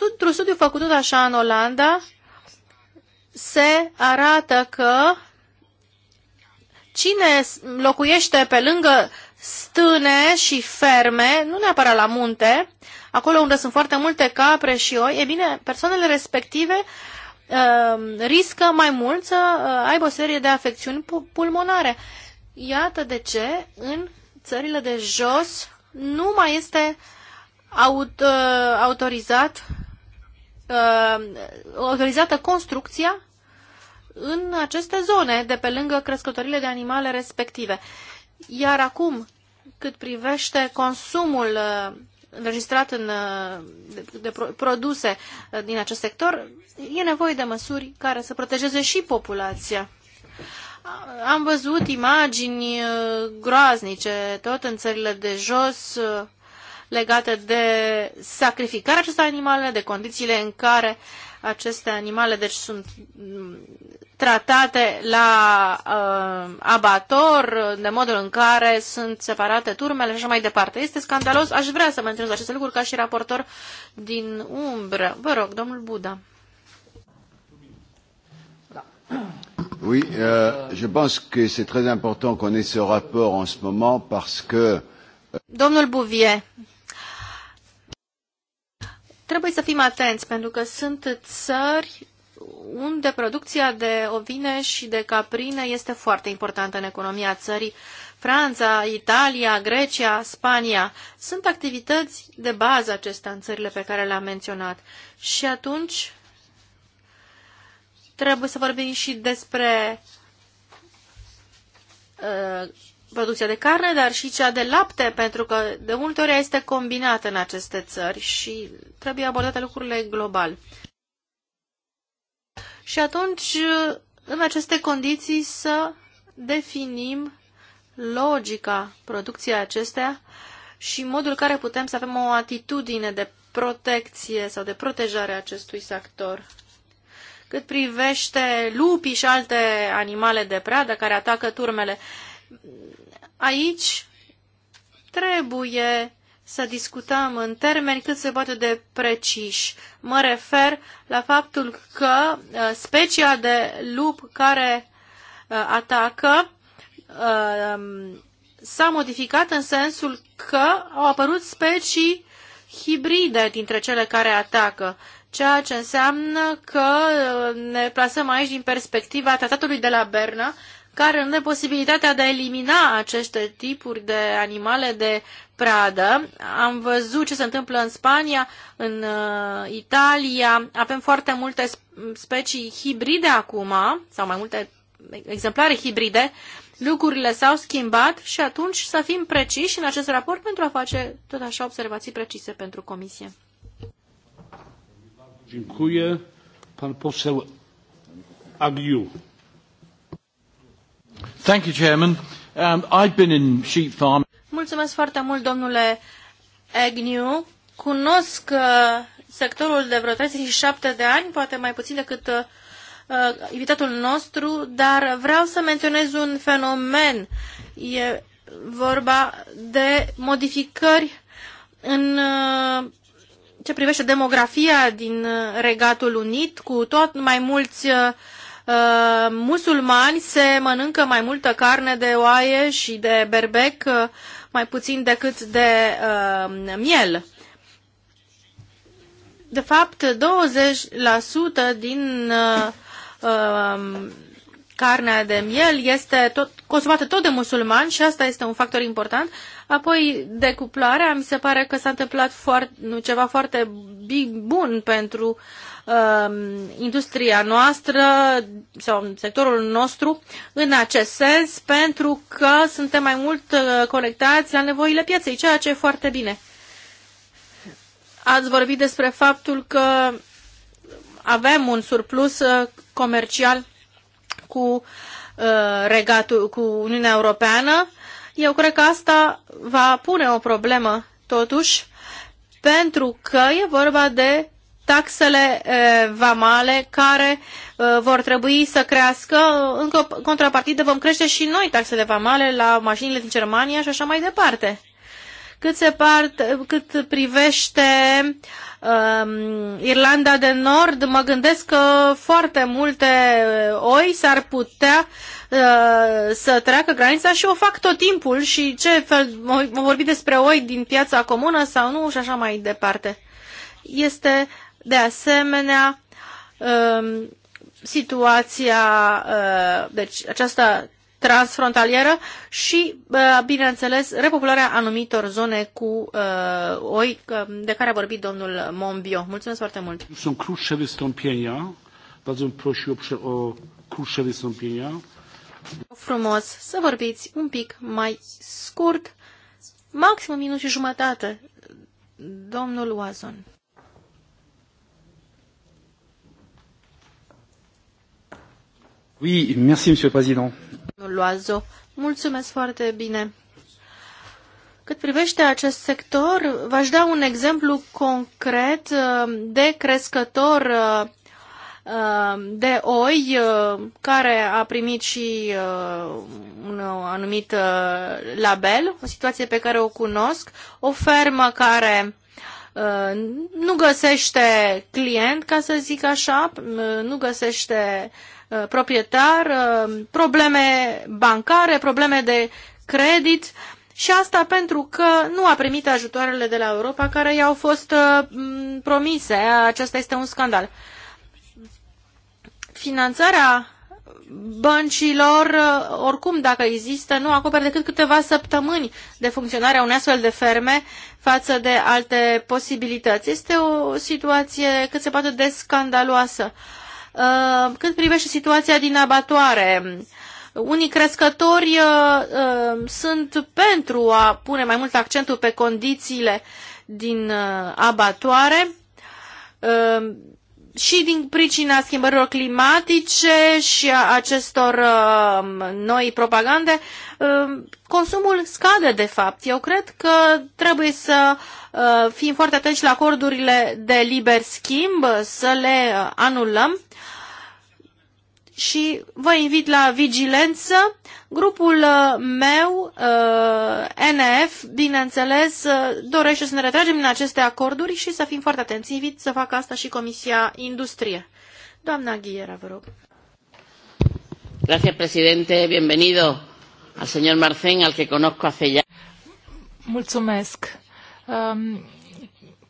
Într-un studiu făcut tot așa în Olanda, se arată că cine locuiește pe lângă stâne și ferme, nu neapărat la munte, acolo unde sunt foarte multe capre și oi, e bine, persoanele respective uh, riscă mai mult să uh, aibă o serie de afecțiuni pulmonare. Iată de ce în țările de jos nu mai este aut, uh, autorizat uh, autorizată construcția în aceste zone de pe lângă crescătorile de animale respective. Uh, iar acum, cât privește consumul uh, înregistrat în, uh, de, produse uh, din acest sector, e nevoie de măsuri care să protejeze și populația. Am văzut imagini groaznice tot în țările de jos legate de sacrificarea acestor animale, de condițiile în care aceste animale deci sunt mm, tratate la uh, abator, de modul în care sunt separate turmele și așa mai departe. Este scandalos. Aș vrea să menționez aceste lucruri ca și raportor din umbră. Vă rog, domnul Buda. Oui, euh, je pense que c'est très important qu'on ait ce rapport en ce moment parce que... Euh, domnul Bouvier, trebuie să fim atenți pentru că sunt țări unde producția de ovine și de caprine este foarte importantă în economia țării. Franța, Italia, Grecia, Spania sunt activități de bază acestea în țările pe care le-am menționat. Și atunci trebuie să vorbim și despre uh, producția de carne, dar și cea de lapte, pentru că de multe ori este combinată în aceste țări și trebuie abordate lucrurile global și atunci, în aceste condiții, să definim logica producției acestea și modul în care putem să avem o atitudine de protecție sau de protejare a acestui sector. Cât privește lupii și alte animale de pradă care atacă turmele, aici trebuie să discutăm în termeni cât se poate de preciși. Mă refer la faptul că uh, specia de lup care uh, atacă uh, um, s-a modificat în sensul că au apărut specii hibride dintre cele care atacă, ceea ce înseamnă că ne plasăm aici din perspectiva tratatului de la Berna, care îmi dă posibilitatea de a elimina aceste tipuri de animale de pradă. Am văzut ce se întâmplă în Spania, în uh, Italia. Avem foarte multe specii hibride acum, sau mai multe exemplare hibride. Lucrurile s-au schimbat și atunci să fim preciși în acest raport pentru a face tot așa observații precise pentru comisie. Dziękuję. Pan poseł agiu. Thank you, Chairman. Um, I've been in sheep farm. Mulțumesc foarte mult, domnule Agnew. Cunosc uh, sectorul de vreo 37 de ani, poate mai puțin decât uh, uh, invitatul nostru, dar vreau să menționez un fenomen. E vorba de modificări în uh, ce privește demografia din uh, Regatul Unit, cu tot mai mulți uh, Uh, musulmani se mănâncă mai multă carne de oaie și de berbec, uh, mai puțin decât de uh, miel. De fapt, 20% din uh, uh, carnea de miel este tot, consumată tot de musulmani și asta este un factor important. Apoi, decuplarea, mi se pare că s-a întâmplat foarte, ceva foarte bun pentru uh, Um, industria noastră sau sectorul nostru în acest sens pentru că suntem mai mult uh, conectați la nevoile pieței, ceea ce e foarte bine. Ați vorbit despre faptul că avem un surplus uh, comercial cu, uh, regatul, cu Uniunea Europeană. Eu cred că asta va pune o problemă, totuși, pentru că e vorba de taxele eh, vamale care eh, vor trebui să crească. În contrapartidă vom crește și noi taxele vamale la mașinile din Germania și așa mai departe. Cât, se part, cât privește um, Irlanda de Nord, mă gândesc că foarte multe eh, oi s-ar putea uh, să treacă granița și o fac tot timpul și ce fel, mă vorbi despre oi din piața comună sau nu și așa mai departe este de asemenea, um, situația, uh, deci aceasta transfrontalieră și, uh, bineînțeles, repopularea anumitor zone cu uh, oi, um, de care a vorbit domnul Monbio. Mulțumesc foarte mult! Sunt krótsze wystąpienia. pro și o, o krótsze wystąpienia. Frumos să vorbiți un pic mai scurt, maxim un minut și jumătate. Domnul Oazon. Oui, merci, monsieur le président. Loazo, mulțumesc foarte bine. Cât privește acest sector, v-aș da un exemplu concret uh, de crescător uh, uh, de oi care a primit și un anumit label, o situație pe care o cunosc, o fermă care nu găsește client, ca să zic așa, nu găsește Uh, proprietar, uh, probleme bancare, probleme de credit și asta pentru că nu a primit ajutoarele de la Europa care i-au fost uh, promise. Acesta este un scandal. Finanțarea băncilor, oricum dacă există, nu acoperă decât câteva săptămâni de funcționare a unei astfel de ferme față de alte posibilități. Este o situație cât se poate de scandaloasă. Uh, Uh, cât privește situația din abatoare, unii crescători uh, uh, sunt pentru a pune mai mult accentul pe condițiile din abatoare și din pricina schimbărilor climatice și a acestor uh, noi propagande, uh, consumul scade de fapt. Eu cred că trebuie să uh, fim foarte atenți la acordurile de liber schimb, să le anulăm și vă invit la vigilență. Grupul uh, meu, uh, NF, bineînțeles, uh, dorește să ne retragem din aceste acorduri și să fim foarte atenți. Invit să facă asta și Comisia Industrie. Doamna Ghiera, vă rog. Gracias, presidente. Bienvenido al señor Marcén, al que conozco hace ya. Mulțumesc. Um...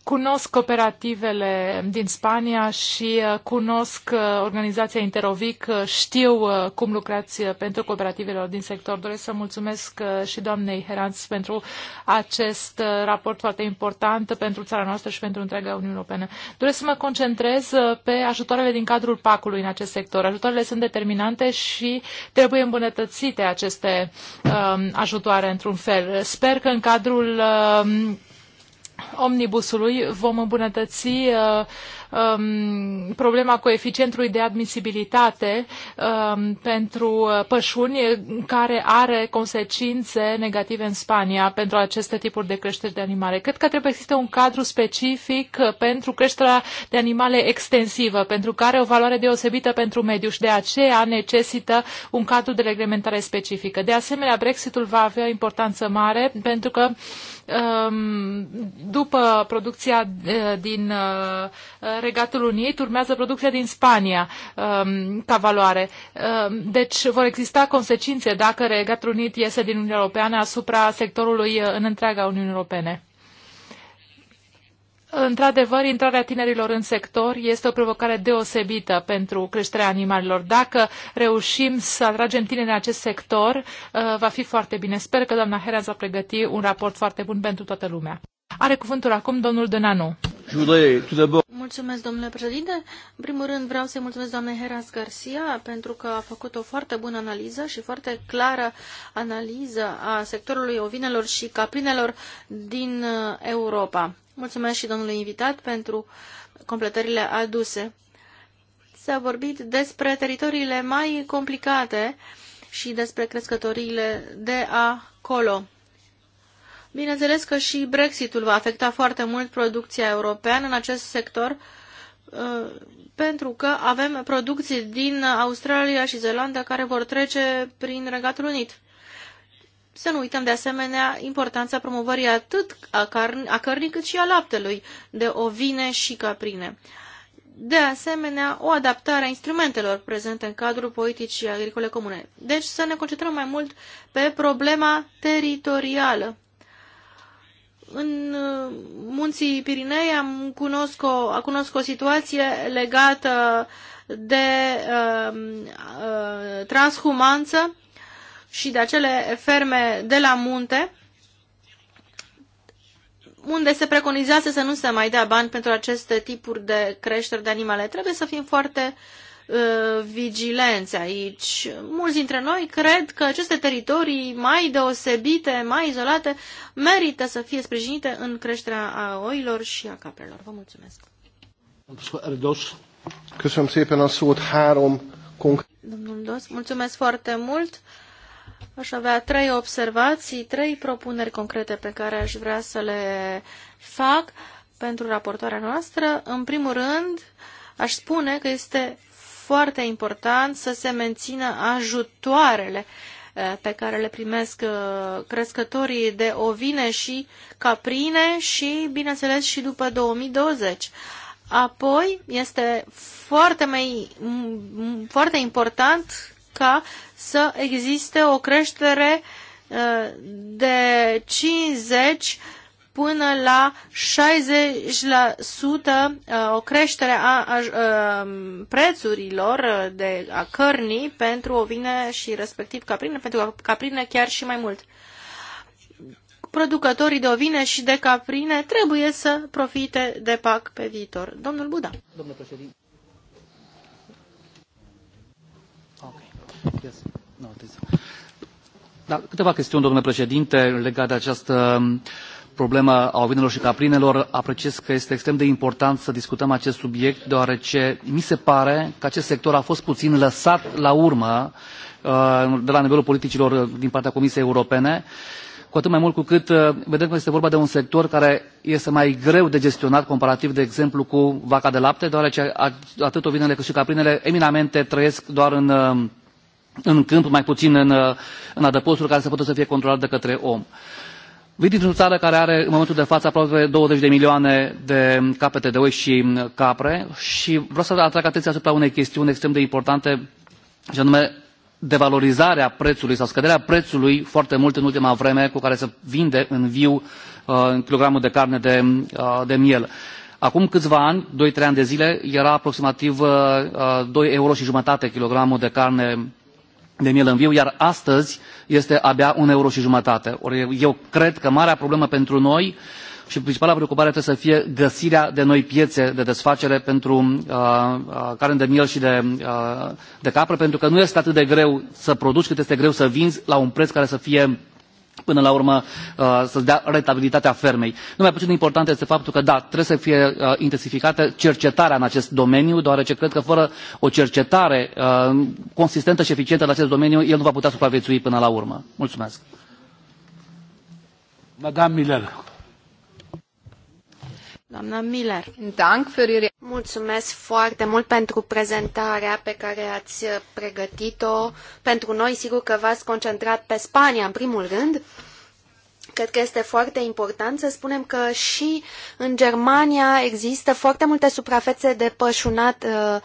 Cunosc cooperativele din Spania și uh, cunosc uh, organizația Interovic, uh, știu cum lucrați pentru cooperativele din sector. Doresc să mulțumesc și doamnei Heranț pentru acest raport foarte important pentru țara noastră și pentru întreaga Uniune Europeană. Doresc să mă concentrez pe ajutoarele din cadrul PAC-ului în acest sector. Ajutoarele sunt determinante și trebuie îmbunătățite aceste um, ajutoare într-un fel. Sper că în cadrul um, omnibusului vom îmbunătăți uh, um, problema coeficientului de admisibilitate um, pentru uh, pășuni care are consecințe negative în Spania pentru aceste tipuri de creșteri de animale. Cred că trebuie existe un cadru specific uh, pentru creșterea de animale extensivă, pentru care o valoare deosebită pentru mediu și de aceea necesită un cadru de reglementare specifică. De asemenea, Brexitul va avea o importanță mare pentru că um, după producția uh, din Regatul Unit, urmează producția din Spania um, ca valoare. Um, deci vor exista consecințe dacă Regatul Unit iese din Uniunea Europeană asupra sectorului uh, în întreaga Uniune Europene. Într-adevăr, intrarea tinerilor în sector este o provocare deosebită pentru creșterea animalelor. Dacă reușim să atragem tineri în acest sector, uh, va fi foarte bine. Sper că doamna Herea va pregăti un raport foarte bun pentru toată lumea. Are cuvântul acum domnul Dănanu. Mulțumesc, domnule președinte. În primul rând vreau să-i mulțumesc doamnei Heras Garcia pentru că a făcut o foarte bună analiză și foarte clară analiză a sectorului ovinelor și caprinelor din uh, Europa. Mulțumesc și domnului invitat pentru completările aduse. S-a vorbit despre teritoriile mai complicate și despre crescătorile de acolo. Bineînțeles că și Brexitul va afecta foarte mult producția europeană în acest sector, uh, pentru că avem producții din Australia și Zeelandă care vor trece prin Regatul Unit. Să nu uităm de asemenea importanța promovării atât a, carni, a cărnii cât și a laptelui de ovine și caprine. De asemenea, o adaptare a instrumentelor prezente în cadrul politicii agricole comune. Deci să ne concentrăm mai mult pe problema teritorială în uh, munții Pirinei am cunosc o, cunosc o situație legată de uh, uh, transhumanță și de acele ferme de la munte, unde se preconizează să nu se mai dea bani pentru aceste tipuri de creșteri de animale. Trebuie să fim foarte uh, Uh, vigilenți aici. Mulți dintre noi cred că aceste teritorii mai deosebite, mai izolate, merită să fie sprijinite în creșterea a oilor și a caprelor. Vă mulțumesc! Domnul Dos, mulțumesc foarte mult! Aș avea trei observații, trei propuneri concrete pe care aș vrea să le fac pentru raportoarea noastră. În primul rând, aș spune că este foarte important să se mențină ajutoarele eh, pe care le primesc eh, crescătorii de ovine și caprine și, bineînțeles, și după 2020. Apoi, este foarte, mai, foarte important ca să existe o creștere eh, de 50 până la 60% uh, o creștere a, a, a uh, prețurilor uh, de, a cărnii pentru ovine și respectiv caprine, pentru caprine chiar și mai mult. Producătorii de ovine și de caprine trebuie să profite de PAC pe viitor. Domnul Buda. Domnul președinte. Okay. Yes. No, da, câteva chestiuni, domnule președinte, legate de această uh, problema ovinelor și caprinelor, apreciez că este extrem de important să discutăm acest subiect, deoarece mi se pare că acest sector a fost puțin lăsat la urmă uh, de la nivelul politicilor din partea Comisiei Europene cu atât mai mult cu cât uh, vedem că este vorba de un sector care este mai greu de gestionat comparativ, de exemplu, cu vaca de lapte, deoarece atât ovinele cât și caprinele eminamente trăiesc doar în, uh, în câmp, mai puțin în, în adăposturi care se pot să fie controlate de către om vin dintr o țară care are în momentul de față aproape douăzeci de milioane de capete de oi și mm, capre și vreau să atrag atenția asupra unei chestiuni extrem de importante și anume devalorizarea prețului sau scăderea prețului foarte mult în ultima vreme cu care se vinde în viu uh, kilogramul de carne de, uh, de miel. Acum câțiva ani, doi trei ani de zile, era aproximativ uh, uh, doi euro și jumătate kilogramul de carne de miel în viu, iar astăzi este abia un euro și jumătate. Ori eu cred că marea problemă pentru noi și principala preocupare trebuie să fie găsirea de noi piețe de desfacere pentru uh, carne uh, de miel și de, uh, de capră, pentru că nu este atât de greu să produci cât este greu să vinzi la un preț care să fie până la urmă uh, să dea rentabilitatea fermei. Nu mai puțin important este faptul că, da, trebuie să fie uh, intensificată cercetarea în acest domeniu, deoarece cred că fără o cercetare uh, consistentă și eficientă în acest domeniu, el nu va putea supraviețui până la urmă. Mulțumesc. Madame Miller. Doamna Miller. Mulțumesc foarte mult pentru prezentarea pe care ați pregătit-o. Pentru noi, sigur că v-ați concentrat pe Spania, în primul rând. Cred că este foarte important să spunem că și în Germania există foarte multe suprafețe de pășunat uh,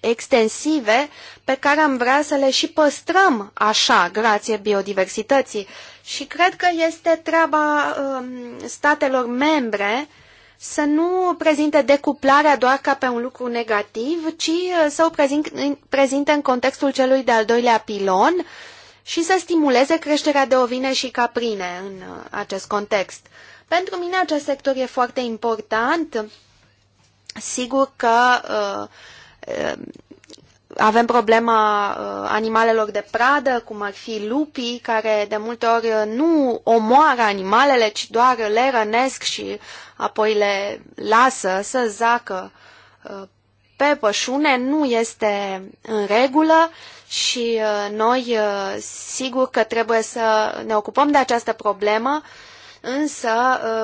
extensive pe care am vrea să le și păstrăm așa, grație biodiversității. Uh, și cred că este treaba um, statelor membre să nu prezinte decuplarea doar ca pe un lucru negativ, ci uh, să o prezinte în contextul celui de-al doilea pilon și să stimuleze creșterea de ovine și caprine în uh, acest context. Pentru mine acest sector e foarte important. Sigur că uh, uh avem problema uh, animalelor de pradă, cum ar fi lupii, care de multe ori uh, nu omoară animalele, ci doar le rănesc și apoi le lasă să zacă uh, pe pășune. Nu este în regulă și noi sigur că trebuie să ne ocupăm de această problemă însă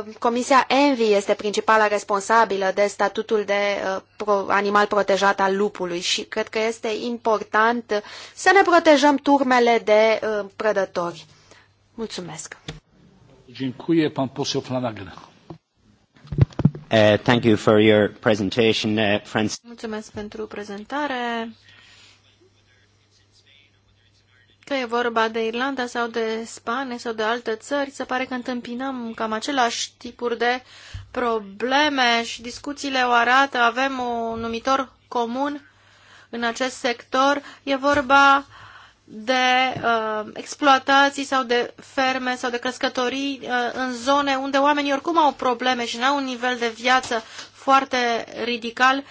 uh, Comisia ENVI este principala responsabilă de statutul de uh, animal protejat al lupului și cred că este important să ne protejăm turmele de uh, prădători. Mulțumesc! Dziękuję, pan poseł Flanagan. Uh, thank you for your presentation, uh, Mulțumesc pentru prezentare, că e vorba de Irlanda sau de Spania sau de alte țări, se pare că întâmpinăm cam același tipuri de probleme și discuțiile o arată, avem un numitor comun în acest sector. E vorba de uh, exploatații sau de ferme sau de crescătorii uh, în zone unde oamenii oricum au probleme și nu au un nivel de viață foarte ridical,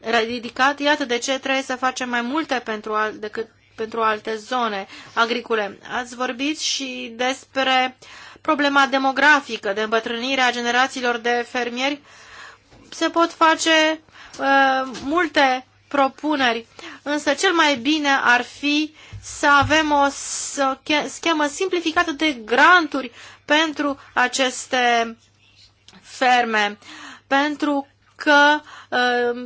ridicat. Iată de ce trebuie să facem mai multe pentru a, decât pentru alte zone agricole. Ați vorbit și despre problema demografică, de a generațiilor de fermieri. Se pot face uh, multe propuneri, însă cel mai bine ar fi să avem o schemă simplificată de granturi pentru aceste ferme, pentru că uh,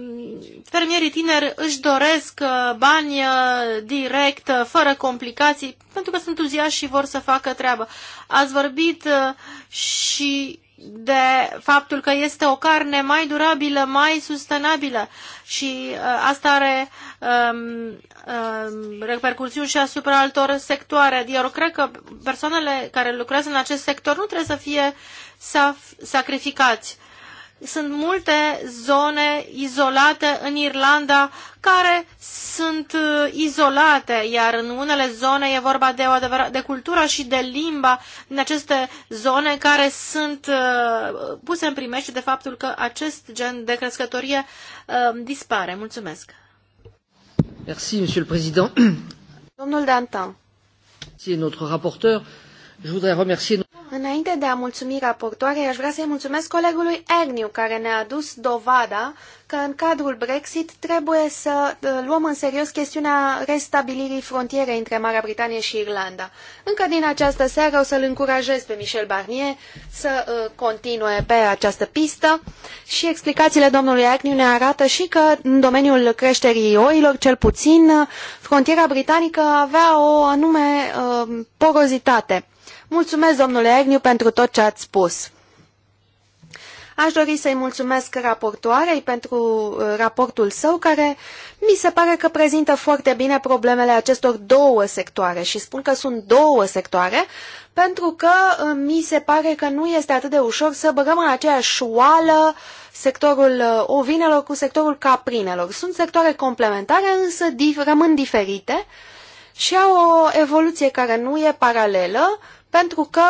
fermierii tineri își doresc uh, bani uh, direct, fără complicații, pentru că sunt entuziași și vor să facă treabă. Ați vorbit și de faptul că este o carne mai durabilă, mai sustenabilă și uh, asta are um, um, repercursiuni și asupra altor sectoare. Eu cred că persoanele care lucrează în acest sector nu trebuie să fie saf- sacrificați. Sunt multe zone izolate în Irlanda care sunt uh, izolate, iar în unele zone e vorba de, o adevărat, de cultura și de limba din aceste zone care sunt uh, puse în primești de faptul că acest gen de crescătorie uh, dispare. Mulțumesc! Merci, Monsieur le Président. Domnul Dantan. Merci, notre rapporteur. Înainte de a mulțumi raportoarei, aș vrea să-i mulțumesc colegului Erniu, care ne-a adus dovada că în cadrul Brexit trebuie să uh, luăm în serios chestiunea restabilirii frontierei între Marea Britanie și Irlanda. Încă din această seară o să-l încurajez pe Michel Barnier să uh, continue pe această pistă și explicațiile domnului Agnew ne arată și că în domeniul creșterii oilor, cel puțin, uh, frontiera britanică avea o anume porozitate. Mulțumesc, domnule Agnew, pentru tot ce ați spus. Aș dori să-i mulțumesc raportoarei pentru uh, raportul său, care mi se pare că prezintă foarte bine problemele acestor două sectoare și spun că sunt două sectoare, pentru că uh, mi se pare că nu este atât de ușor să băgăm în aceeași oală sectorul uh, ovinelor cu sectorul caprinelor. Sunt sectoare complementare, însă dif- rămân diferite și au o evoluție care nu e paralelă, pentru că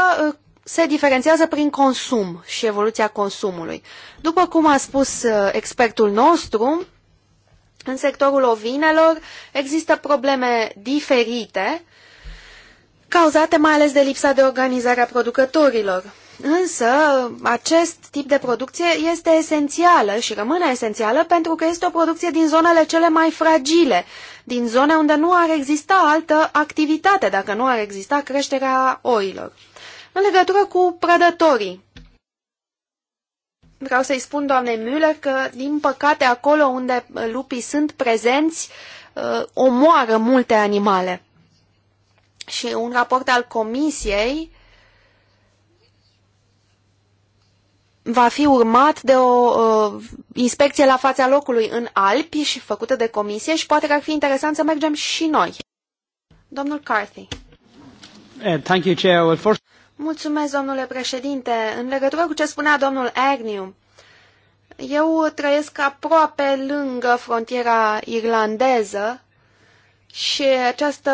se diferențiază prin consum și evoluția consumului. După cum a spus uh, expertul nostru, în sectorul ovinelor există probleme diferite, cauzate mai ales de lipsa de organizare a producătorilor. Însă, acest tip de producție este esențială și rămâne esențială pentru că este o producție din zonele cele mai fragile, din zone unde nu ar exista altă activitate dacă nu ar exista creșterea oilor. În legătură cu prădătorii, vreau să-i spun doamnei Müller că, din păcate, acolo unde lupii sunt prezenți, uh, omoară multe animale. Și un raport al comisiei va fi urmat de o uh, inspecție la fața locului în Alpi și făcută de comisie și poate că ar fi interesant să mergem și noi. Domnul Carthy. Eh, thank you, Chair. Well, first... Mulțumesc, domnule președinte. În legătură cu ce spunea domnul Agnew, eu trăiesc aproape lângă frontiera irlandeză și această,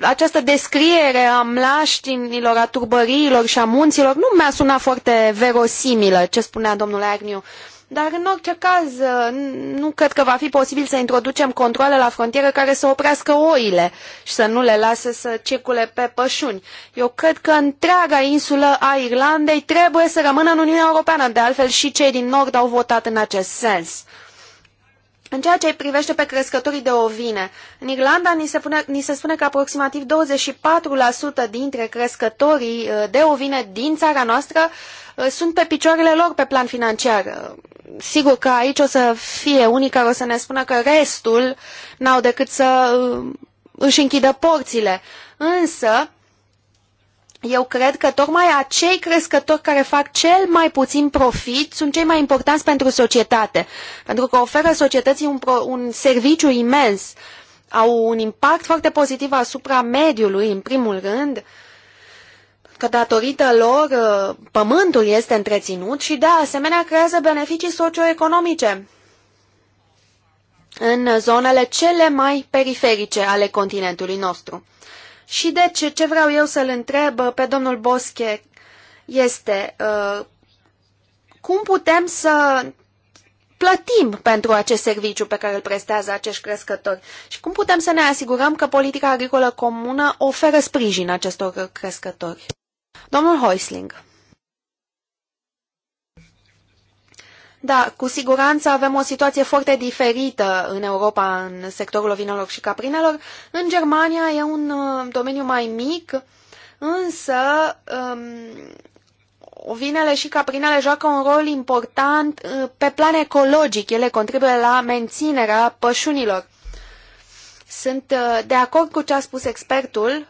această descriere a mlaștinilor, a turbăriilor și a munților nu mi-a sunat foarte verosimilă ce spunea domnul Agnew. Dar în orice caz, nu cred că va fi posibil să introducem controle la frontieră care să oprească oile și să nu le lase să circule pe pășuni. Eu cred că întreaga insulă a Irlandei trebuie să rămână în Uniunea Europeană, de altfel și cei din Nord au votat în acest sens. În ceea ce îi privește pe crescătorii de ovine, în Irlanda ni se, pune, ni se spune că aproximativ 24% dintre crescătorii uh, de ovine din țara noastră uh, sunt pe picioarele lor pe plan financiar. Uh, sigur că aici o să fie unii care o să ne spună că restul n-au decât să își închidă porțile. Însă, eu cred că tocmai acei crescători care fac cel mai puțin profit sunt cei mai importanți pentru societate, pentru că oferă societății un, pro, un serviciu imens, au un impact foarte pozitiv asupra mediului, în primul rând, că datorită lor uh, pământul este întreținut și de asemenea creează beneficii socioeconomice în zonele cele mai periferice ale continentului nostru. Și deci ce vreau eu să-l întreb uh, pe domnul Bosche este uh, cum putem să plătim pentru acest serviciu pe care îl prestează acești crescători și cum putem să ne asigurăm că politica agricolă comună oferă sprijin acestor crescători. Domnul Heusling. Da, cu siguranță avem o situație foarte diferită în Europa în sectorul ovinelor și caprinelor. În Germania e un uh, domeniu mai mic, însă um, ovinele și caprinele joacă un rol important uh, pe plan ecologic. Ele contribuie la menținerea pășunilor. Sunt uh, de acord cu ce a spus expertul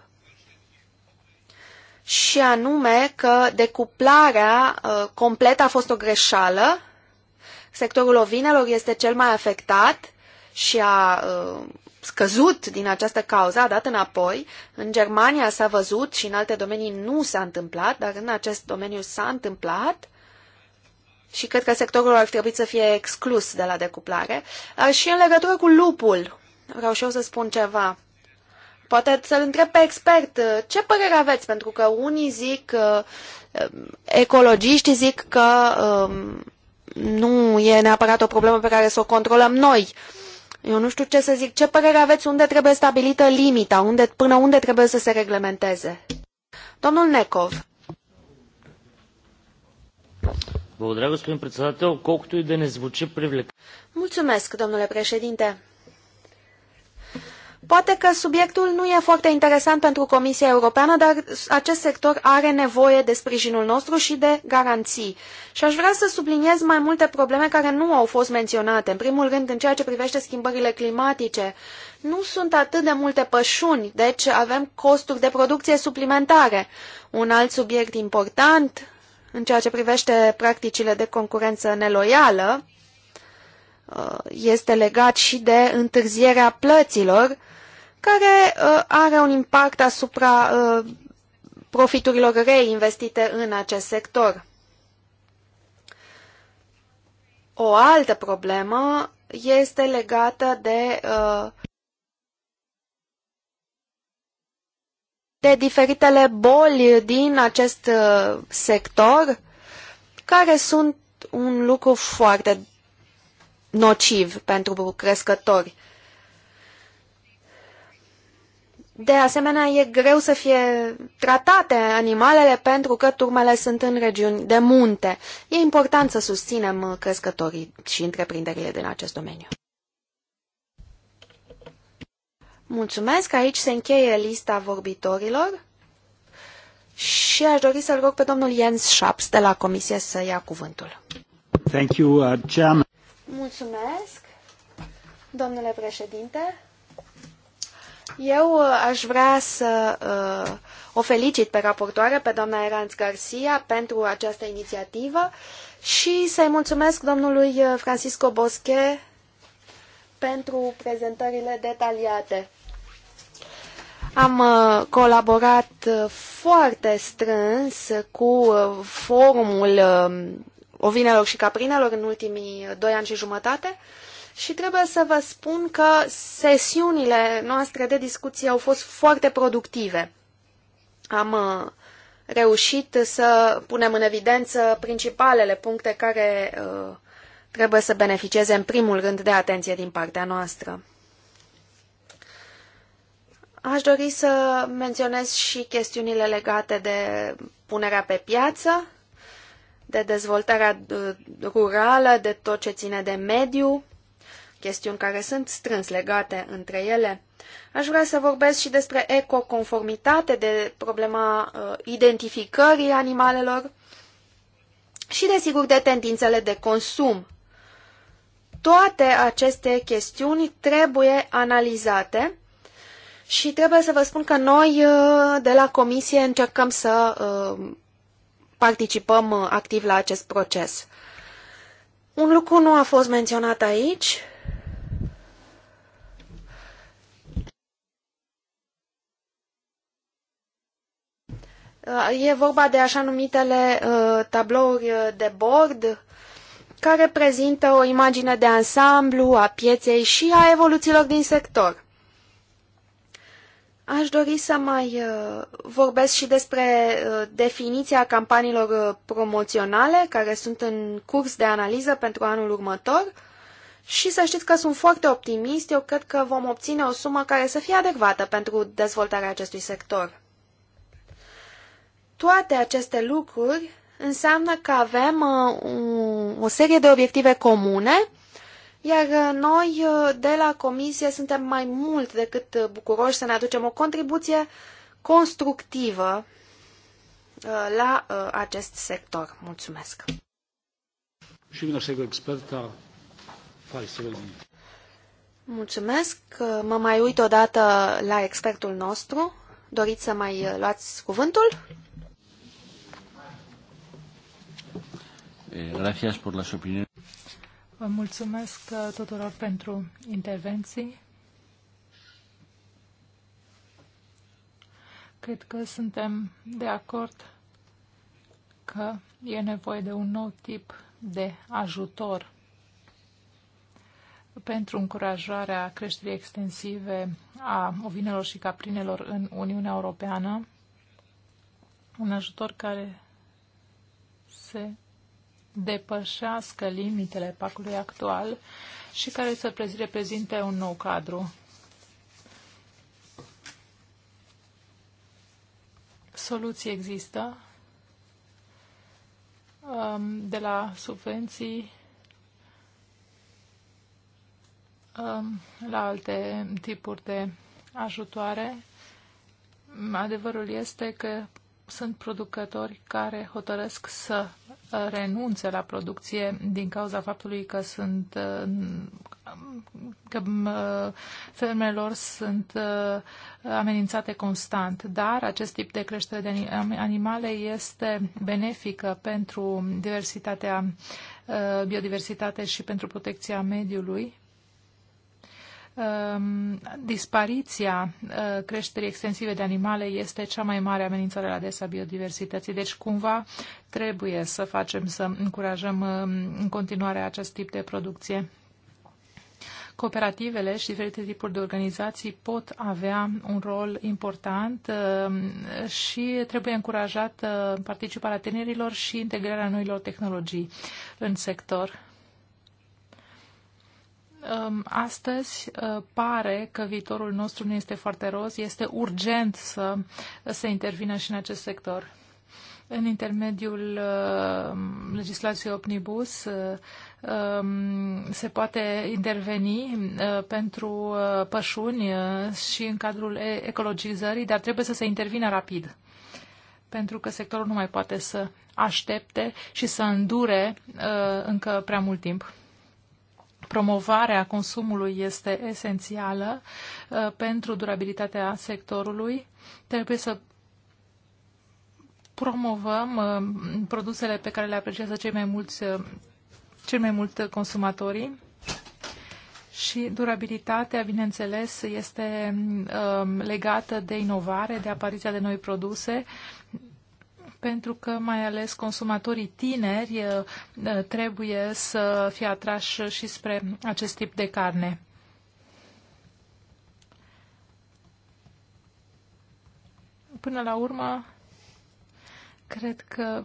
și anume că decuplarea completă a fost o greșeală Sectorul ovinelor este cel mai afectat și a uh, scăzut din această cauză, a dat înapoi. În Germania s-a văzut și în alte domenii nu s-a întâmplat, dar în acest domeniu s-a întâmplat și cred că sectorul ar trebui să fie exclus de la decuplare. Și în legătură cu lupul, vreau și eu să spun ceva. Poate să-l întreb pe expert uh, ce părere aveți, pentru că unii zic, uh, um, ecologiști zic că um, nu e neapărat o problemă pe care să o controlăm noi. Eu nu știu ce să zic. Ce părere aveți? Unde trebuie stabilită limita? Unde, până unde trebuie să se reglementeze? Domnul Necov. Mulțumesc, domnule președinte. Poate că subiectul nu e foarte interesant pentru Comisia Europeană, dar acest sector are nevoie de sprijinul nostru și de garanții. Și aș vrea să subliniez mai multe probleme care nu au fost menționate. În primul rând, în ceea ce privește schimbările climatice, nu sunt atât de multe pășuni, deci avem costuri de producție suplimentare. Un alt subiect important în ceea ce privește practicile de concurență neloială este legat și de întârzierea plăților care uh, are un impact asupra uh, profiturilor reinvestite în acest sector. O altă problemă este legată de, uh, de diferitele boli din acest sector, care sunt un lucru foarte nociv pentru crescători. De asemenea, e greu să fie tratate animalele pentru că turmele sunt în regiuni de munte. E important să susținem crescătorii și întreprinderile din acest domeniu. Mulțumesc, aici se încheie lista vorbitorilor și aș dori să-l rog pe domnul Jens Schaps de la Comisie să ia cuvântul. Thank you, uh, Mulțumesc, domnule președinte. Eu uh, aș vrea să uh, o felicit pe raportoare, pe doamna Eranț Garcia, pentru această inițiativă și să-i mulțumesc domnului uh, Francisco Bosche pentru prezentările detaliate. Am uh, colaborat foarte strâns cu forumul um, ovinelor și caprinelor în ultimii doi ani și jumătate și trebuie să vă spun că sesiunile noastre de discuții au fost foarte productive. Am uh, reușit să punem în evidență principalele puncte care uh, trebuie să beneficieze în primul rând de atenție din partea noastră. Aș dori să menționez și chestiunile legate de punerea pe piață, de dezvoltarea uh, rurală, de tot ce ține de mediu, chestiuni care sunt strâns legate între ele. Aș vrea să vorbesc și despre ecoconformitate, de problema uh, identificării animalelor și, desigur, de tendințele de consum. Toate aceste chestiuni trebuie analizate și trebuie să vă spun că noi uh, de la Comisie încercăm să uh, participăm uh, activ la acest proces. Un lucru nu a fost menționat aici E vorba de așa numitele uh, tablouri de bord care prezintă o imagine de ansamblu a pieței și a evoluțiilor din sector. Aș dori să mai uh, vorbesc și despre uh, definiția campaniilor promoționale care sunt în curs de analiză pentru anul următor și să știți că sunt foarte optimist, eu cred că vom obține o sumă care să fie adecvată pentru dezvoltarea acestui sector. Toate aceste lucruri înseamnă că avem uh, o serie de obiective comune, iar uh, noi uh, de la Comisie suntem mai mult decât bucuroși să ne aducem o contribuție constructivă la acest sector. Mulțumesc! Și naszego experta Mulțumesc! Mă mai uit odată la expertul nostru. Doriți să mai luați cuvântul? Gracias por las opiniones. Vă mulțumesc uh, tuturor pentru intervenții. Cred că suntem de acord că e nevoie de un nou tip de ajutor pentru încurajarea creșterii extensive a ovinelor și caprinelor în Uniunea Europeană. Un ajutor care se depășească limitele pacului actual și care să reprezinte un nou cadru. Soluții există um, de la subvenții um, la alte tipuri de ajutoare. Adevărul este că sunt producători care hotărăsc să uh, renunțe la producție din cauza faptului că sunt uh, că uh, fermelor sunt amenințate constant, dar acest tip de creștere de animale este benefică pentru diversitatea biodiversitate și pentru protecția mediului Ehm, dispariția eh, creșterii extensive de animale este cea mai mare amenințare la adresa biodiversității. Deci, cumva, trebuie să facem, să încurajăm ehm, în continuare acest tip de producție. Cooperativele și diferite tipuri de organizații pot avea un rol important ehm, și trebuie încurajată participarea tinerilor și integrarea noilor tehnologii în sector astăzi pare că viitorul nostru nu este foarte roz. Este urgent să se intervină și în acest sector. În intermediul legislației Omnibus se poate interveni pentru pășuni și în cadrul ecologizării, dar trebuie să se intervină rapid pentru că sectorul nu mai poate să aștepte și să îndure uh, încă prea mult timp promovarea consumului este esențială uh, pentru durabilitatea sectorului. Trebuie să promovăm uh, produsele pe care le apreciază cei mai mulți uh, cei mai mult consumatorii. Și durabilitatea, bineînțeles, este legată de inovare, de apariția de noi produse pentru că mai ales consumatorii tineri uh, uh, trebuie să fie atrași și spre acest tip de carne. Până la urmă, cred că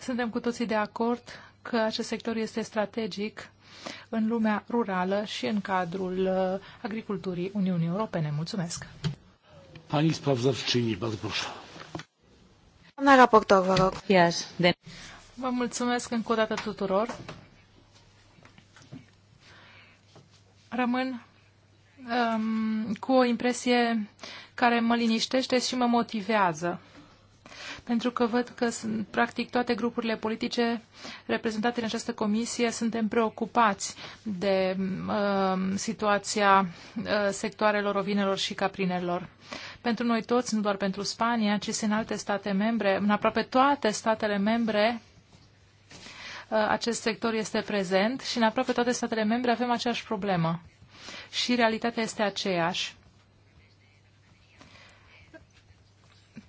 suntem cu toții de acord că acest sector este strategic în lumea rurală și în cadrul uh, agriculturii Uniunii Europene. Mulțumesc! Pani sprawozdawczyni, bardzo proszę. Doamna raportor, vă rog. Vă mulțumesc încă o dată tuturor. Rămân um, cu o impresie care mă liniștește și mă motivează pentru că văd că sunt, practic toate grupurile politice reprezentate în această comisie suntem preocupați de uh, situația uh, sectoarelor ovinelor și caprinelor. Pentru noi toți, nu doar pentru Spania, ci și în alte state membre, în aproape toate statele membre, uh, acest sector este prezent și în aproape toate statele membre avem aceeași problemă. Și realitatea este aceeași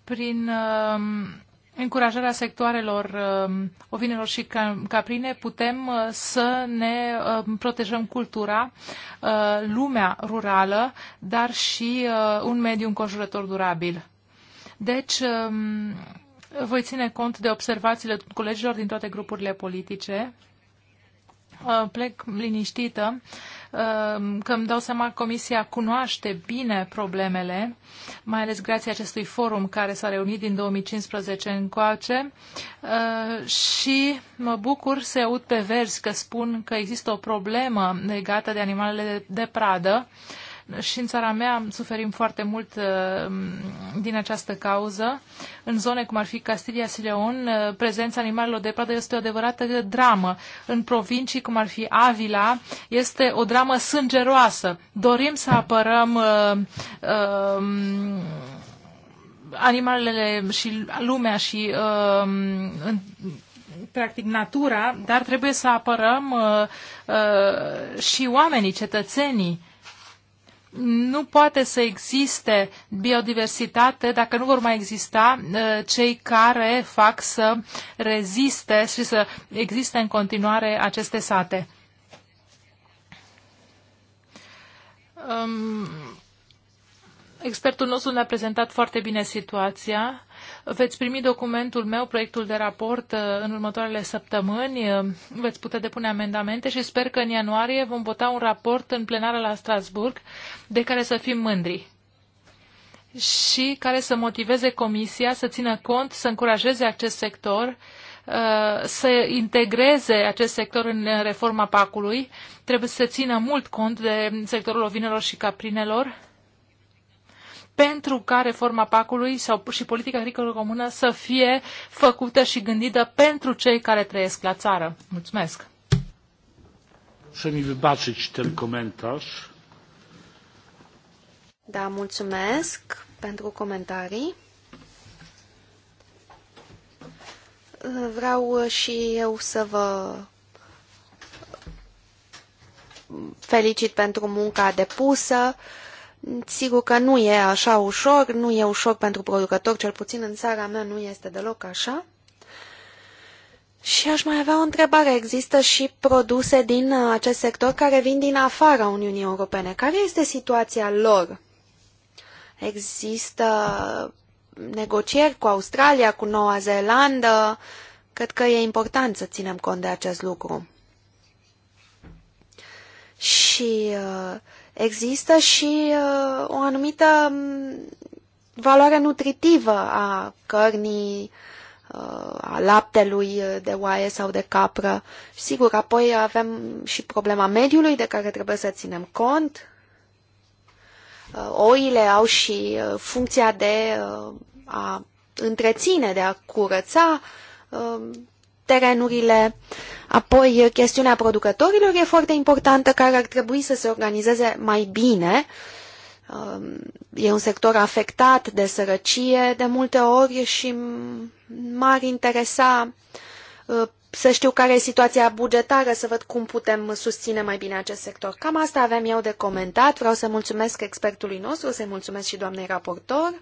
prin um, încurajarea sectoarelor um, ovinelor și caprine putem uh, să ne um, protejăm cultura, uh, lumea rurală, dar și uh, un mediu înconjurător durabil. Deci, voi ține cont de observațiile colegilor din toate grupurile politice. Plec liniștită Um, că îmi dau seama că Comisia cunoaște bine problemele, mai ales grație acestui forum care s-a reunit din 2015 încoace uh, și mă bucur să aud pe verzi că spun că există o problemă legată de animalele de pradă și în țara mea suferim foarte mult uh, din această cauză. În zone cum ar fi Castilia și Leon, uh, prezența animalelor de pradă este o adevărată dramă. În provincii cum ar fi Avila, este o dramă sângeroasă. Dorim să apărăm uh, uh, animalele și lumea și uh, în, practic natura, dar trebuie să apărăm uh, uh, și oamenii, cetățenii nu poate să existe biodiversitate dacă nu vor mai exista ă, cei care fac să reziste și să existe în continuare aceste sate. expertul nostru ne-a prezentat foarte bine situația Veți primi documentul meu, proiectul de raport, uh, în următoarele săptămâni. Uh, veți putea depune amendamente și sper că în ianuarie vom vota un raport în plenară la Strasburg de care să fim mândri și care să motiveze Comisia să țină cont, să încurajeze acest sector uh, să integreze acest sector în reforma PAC-ului. Trebuie să țină mult cont de sectorul ovinelor și caprinelor pentru ca reforma PAC-ului sau și politica agricolă comună să fie făcută și gândită pentru cei care trăiesc la țară. Mulțumesc! Să mi wybaczyć ten comentaj. Da, mulțumesc pentru comentarii. Vreau și eu să vă felicit pentru munca depusă Sigur că nu e așa ușor, nu e ușor pentru producător, cel puțin în țara mea nu este deloc așa. Și aș mai avea o întrebare. Există și produse din uh, acest sector care vin din afara Uniunii Europene. Care este situația lor? Există negocieri cu Australia, cu Noua Zeelandă? Cred că e important să ținem cont de acest lucru. Și uh, Există și uh, o anumită mm, valoare nutritivă a cărnii, uh, a laptelui de oaie sau de capră. Și sigur, apoi avem și problema mediului de care trebuie să ținem cont. Uh, oile au și uh, funcția de uh, a întreține, de a curăța uh, terenurile. Uh, Apoi, eh, chestiunea producătorilor e foarte importantă, care ar trebui să se organizeze mai bine. Um, e un sector afectat de sărăcie de multe ori și m-ar interesa uh, să știu care e situația bugetară, să văd cum putem susține mai bine acest sector. Cam asta aveam eu de comentat. Vreau să mulțumesc expertului nostru, să-i mulțumesc și doamnei raportor.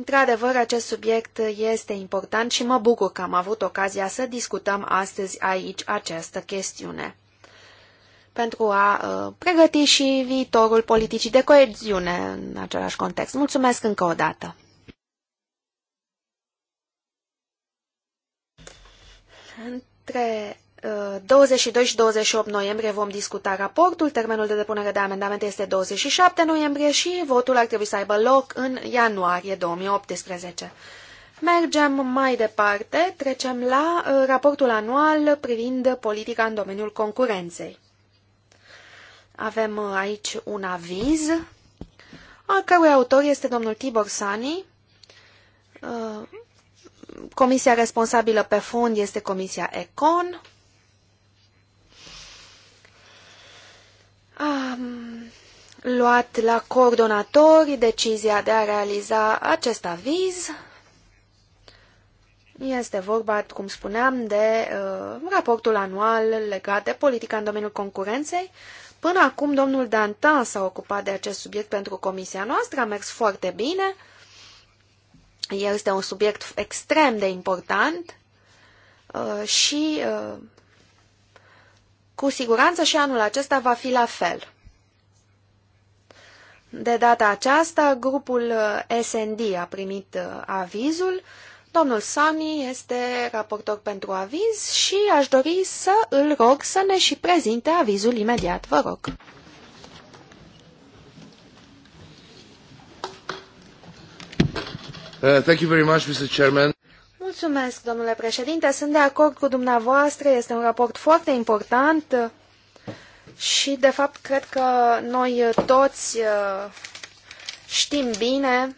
Într-adevăr, acest subiect este important și mă bucur că am avut ocazia să discutăm astăzi aici această chestiune pentru a uh, pregăti și viitorul politicii de coeziune în același context. Mulțumesc încă o dată! Între 22 și 28 noiembrie vom discuta raportul, termenul de depunere de amendamente este 27 noiembrie și votul ar trebui să aibă loc în ianuarie 2018. Mergem mai departe, trecem la uh, raportul anual privind politica în domeniul concurenței. Avem uh, aici un aviz, a cărui autor este domnul Tibor Sani, uh, Comisia responsabilă pe fond este Comisia ECON. Am luat la coordonatori decizia de a realiza acest aviz. Este vorba, cum spuneam, de uh, raportul anual legat de politica în domeniul concurenței. Până acum, domnul Dantin s-a ocupat de acest subiect pentru comisia noastră, a mers foarte bine. Este un subiect extrem de important uh, și uh, cu siguranță și anul acesta va fi la fel. De data aceasta, grupul uh, SND a primit uh, avizul. Domnul Sani este raportor pentru aviz și aș dori să îl rog să ne și prezinte avizul imediat. Vă rog. Uh, thank you very much, Mr. Chairman. Mulțumesc, domnule președinte. Sunt de acord cu dumneavoastră. Este un raport foarte important și, de fapt, cred că noi toți uh, știm bine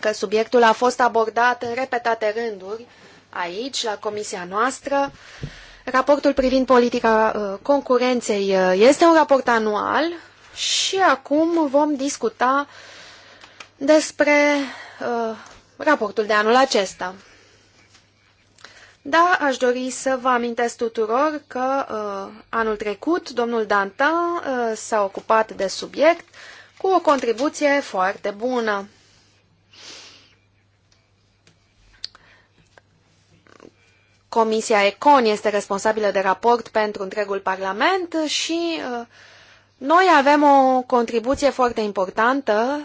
că subiectul a fost abordat în repetate rânduri aici, la comisia noastră. Raportul privind politica uh, concurenței uh, este un raport anual și acum vom discuta despre raportul de anul acesta. Da, aș dori să vă amintesc tuturor că uh, anul trecut domnul Dantin uh, s-a ocupat de subiect cu o contribuție foarte bună. Comisia Econ este responsabilă de raport pentru întregul Parlament și uh, noi avem o contribuție foarte importantă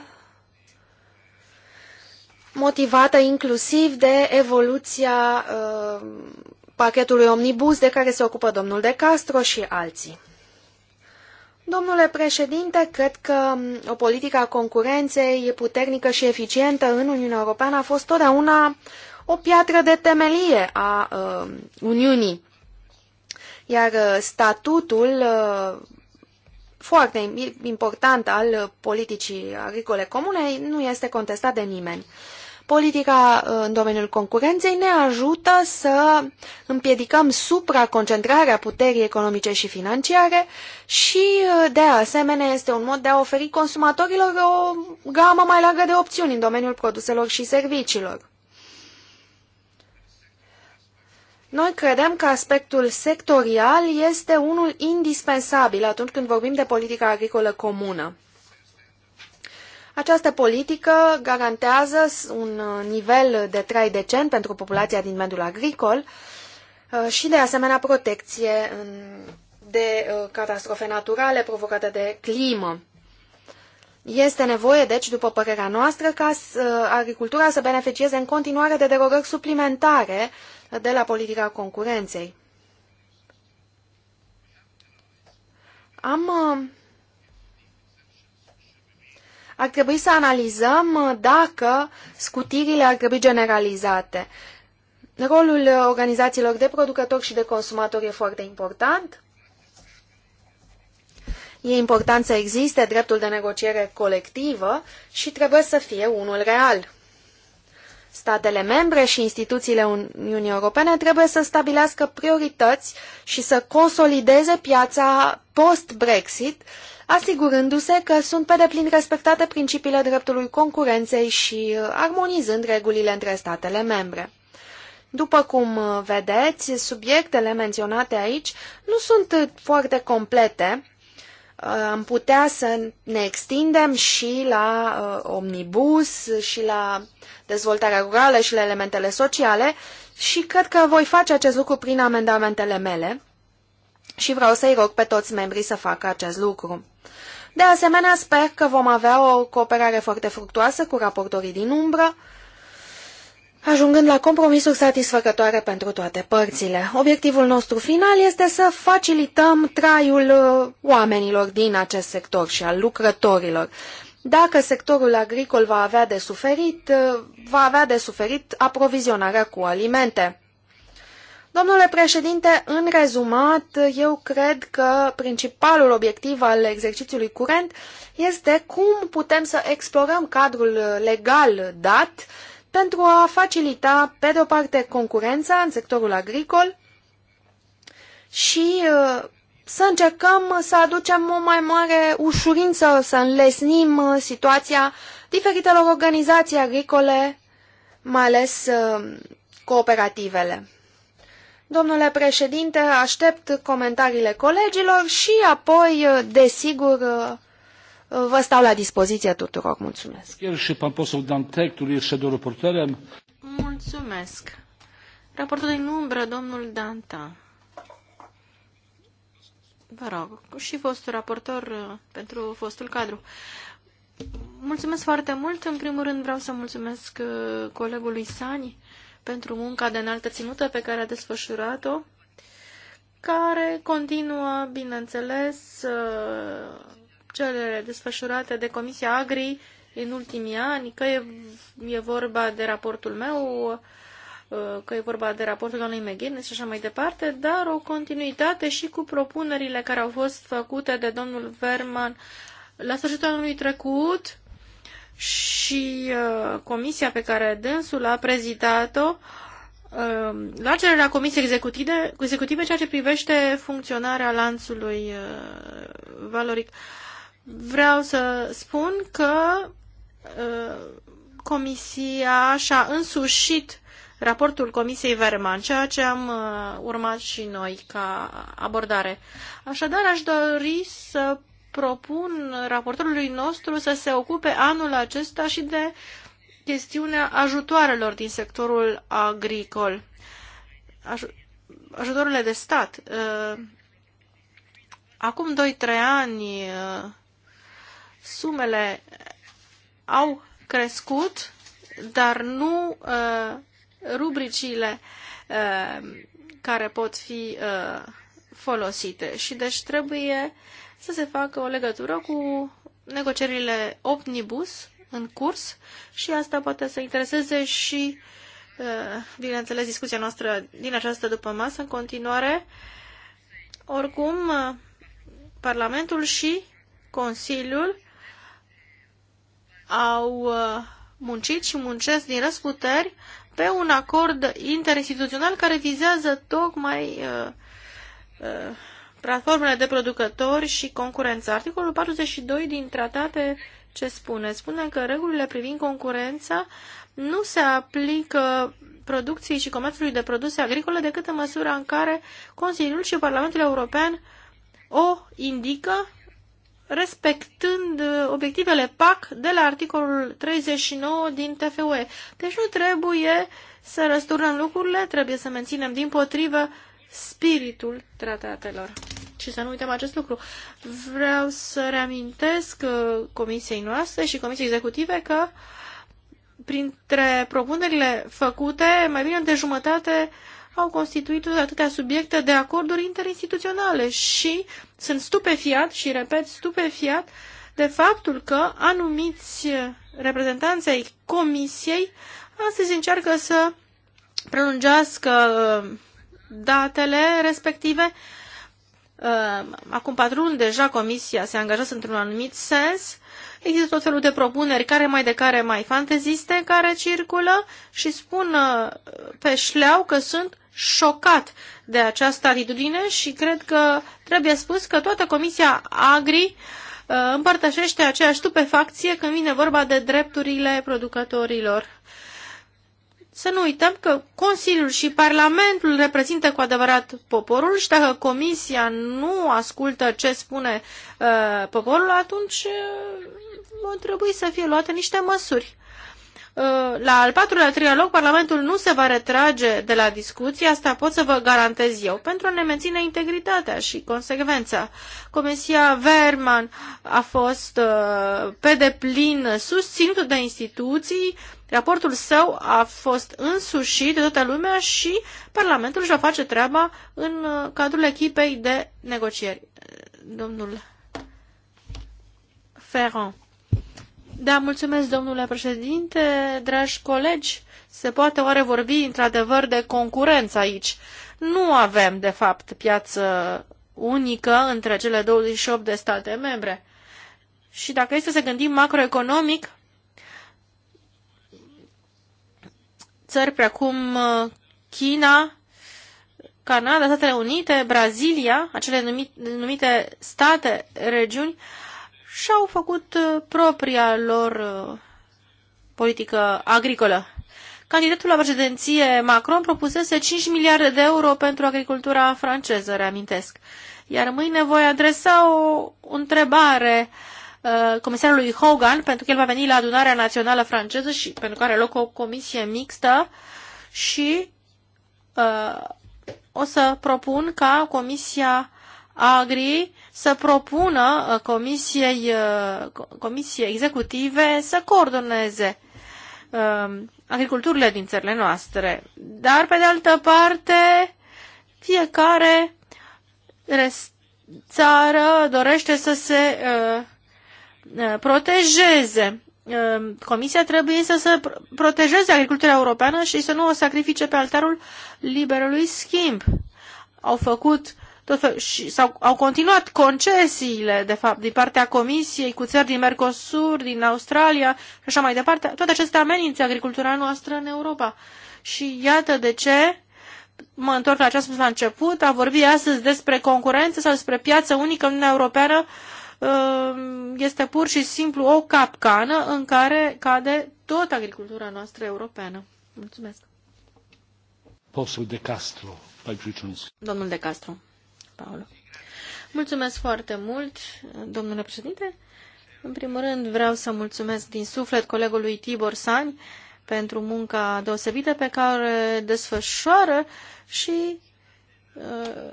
motivată inclusiv de evoluția uh, pachetului omnibus de care se ocupă domnul De Castro și alții. Domnule președinte, cred că um, o politică a concurenței puternică și eficientă în Uniunea Europeană a fost totdeauna o piatră de temelie a uh, Uniunii. Iar uh, statutul uh, foarte important al uh, politicii agricole comune nu este contestat de nimeni. Politica uh, în domeniul concurenței ne ajută să împiedicăm supraconcentrarea puterii economice și financiare și, uh, de asemenea, este un mod de a oferi consumatorilor o gamă mai largă de opțiuni în domeniul produselor și serviciilor. Noi credem că aspectul sectorial este unul indispensabil atunci când vorbim de politica agricolă comună. Această politică garantează un nivel de trai decent pentru populația din mediul agricol uh, și, de asemenea, protecție de uh, catastrofe naturale provocate de climă. Este nevoie, deci, după părerea noastră, ca uh, agricultura să beneficieze în continuare de derogări suplimentare de la politica concurenței. Am ar trebui să analizăm uh, dacă scutirile ar trebui generalizate. Rolul uh, organizațiilor de producători și de consumatori e foarte important. E important să existe dreptul de negociere colectivă și trebuie să fie unul real. Statele membre și instituțiile Uniunii Europene trebuie să stabilească priorități și să consolideze piața post-Brexit asigurându-se că sunt pe deplin respectate principiile dreptului concurenței și uh, armonizând regulile între statele membre. După cum uh, vedeți, subiectele menționate aici nu sunt uh, foarte complete. Am putea să ne extindem și la omnibus, și la dezvoltarea rurală și la elementele sociale și cred că voi face acest lucru prin amendamentele mele și vreau să-i rog pe toți membrii să facă acest lucru. De asemenea, sper că vom avea o cooperare foarte fructuoasă cu raportorii din umbră, ajungând la compromisuri satisfăcătoare pentru toate părțile. Obiectivul nostru final este să facilităm traiul uh, oamenilor din acest sector și al lucrătorilor. Dacă sectorul agricol va avea de suferit, uh, va avea de suferit aprovizionarea cu alimente. Domnule președinte, în rezumat, eu cred că principalul obiectiv al exercițiului curent este cum putem să explorăm cadrul legal dat pentru a facilita, pe de o parte, concurența în sectorul agricol și uh, să încercăm să aducem o mai mare ușurință, să înlesnim uh, situația diferitelor organizații agricole, mai ales uh, cooperativele. Domnule președinte, aștept comentariile colegilor și apoi, eh, desigur, eh, eh, vă stau la dispoziția tuturor. Mulțumesc. Mulțumesc. Raportul din umbră, domnul Danta. Vă rog, și fostul raportor pentru fostul cadru. Mulțumesc foarte mult. În primul rând vreau să mulțumesc colegului Sani pentru munca de înaltă ținută pe care a desfășurat-o, care continuă, bineînțeles, uh, cele desfășurate de Comisia Agri în ultimii ani, că e, e vorba de raportul meu, uh, că e vorba de raportul doamnei McGuinness și așa mai departe, dar o continuitate și cu propunerile care au fost făcute de domnul Verman la sfârșitul anului trecut și uh, comisia pe care dânsul a prezidat-o uh, la cererea comisiei executive, executive ceea ce privește funcționarea lanțului uh, valoric. Vreau să spun că comisia și-a însușit raportul Comisiei Verman, ceea ce am urmat și noi ca abordare. Așadar, aș dori să propun raportorului nostru să se ocupe anul acesta și de chestiunea ajutoarelor din sectorul agricol, Aj ajutorile de stat. Uh, acum 2-3 ani uh, sumele au crescut, dar nu uh, rubricile care pot fi folosite și deci trebuie uh, să se facă o legătură cu negocierile omnibus în curs și asta poate să intereseze și, uh, bineînțeles, discuția noastră din această după masă în continuare. Oricum, uh, Parlamentul și Consiliul au uh, muncit și muncesc din răsputeri pe un acord interinstituțional care vizează tocmai uh, uh, platformele de producători și concurența. Articolul 42 din tratate ce spune? Spune că regulile privind concurența nu se aplică producției și comerțului de produse agricole decât în măsura în care Consiliul și Parlamentul European o indică respectând obiectivele PAC de la articolul 39 din TFUE. Deci nu trebuie să răsturnăm lucrurile, trebuie să menținem din potrivă spiritul tratatelor. Și să nu uităm acest lucru. Vreau să reamintesc uh, comisiei noastre și comisiei executive că printre propunerile făcute, mai bine de jumătate au constituit atâtea subiecte de acorduri interinstituționale și sunt stupefiat și repet stupefiat de faptul că anumiți reprezentanți ai comisiei astăzi încearcă să prelungească uh, datele respective. Ehm, acum patru luni deja comisia se angajează într-un anumit sens. Există tot felul de propuneri, care mai de care mai fanteziste, care circulă și spun uh, pe șleau că sunt șocat de această atitudine și cred că trebuie spus că toată Comisia Agri uh, împărtășește aceeași stupefacție când vine vorba de drepturile producătorilor să nu uităm că Consiliul și Parlamentul reprezintă cu adevărat poporul și dacă Comisia nu ascultă ce spune uh, poporul, atunci uh, vor trebui să fie luate niște măsuri. Uh, la al patrulea trialog, Parlamentul nu se va retrage de la discuție, asta pot să vă garantez eu, pentru a ne menține integritatea și consecvența. Comisia Verman a fost uh, pe deplin susținută de instituții, uh, Raportul său a fost însușit de toată lumea și Parlamentul își va face treaba în uh, cadrul echipei de negocieri. Uh, domnul Ferrand. Da, mulțumesc, domnule președinte, dragi colegi. Se poate oare vorbi într-adevăr de concurență aici? Nu avem, de fapt, piață unică între cele 28 de state membre. Și dacă este să gândim macroeconomic, țări precum uh, China, Canada, Statele Unite, Brazilia, acele numite state, regiuni, și-au făcut uh, propria lor uh, politică agricolă. Candidatul la președinție Macron propusese 5 miliarde de euro pentru agricultura franceză, reamintesc. Iar mâine voi adresa o întrebare uh, Uh, comisarului Hogan, pentru că el va veni la adunarea națională franceză și pentru care loc o comisie mixtă și uh, o să propun ca Comisia Agri să propună uh, comisiei, uh, comisiei executive să coordoneze uh, agriculturile din țările noastre. Dar, pe de altă parte, fiecare țară dorește să se uh, Uh, protejeze. Uh, Comisia trebuie să protejeze agricultura europeană și să nu o sacrifice pe altarul liberului schimb. Au făcut tot fel, și sau, au continuat concesiile, de fapt, din partea Comisiei cu țări din Mercosur, din Australia și așa mai departe. Toate acestea amenință agricultura noastră în Europa. Și iată de ce mă întorc la ce am spus la început, a vorbi astăzi despre concurență sau despre piață unică în Uniunea Europeană Ehm, este pur și simplu o capcană în care cade tot agricultura noastră europeană. Mulțumesc. Postul de Castro, Domnul de Castro, Paolo. Mulțumesc foarte mult, domnule președinte. În primul rând vreau să mulțumesc din suflet colegului Tibor Sani pentru munca deosebită pe care desfășoară și Uh,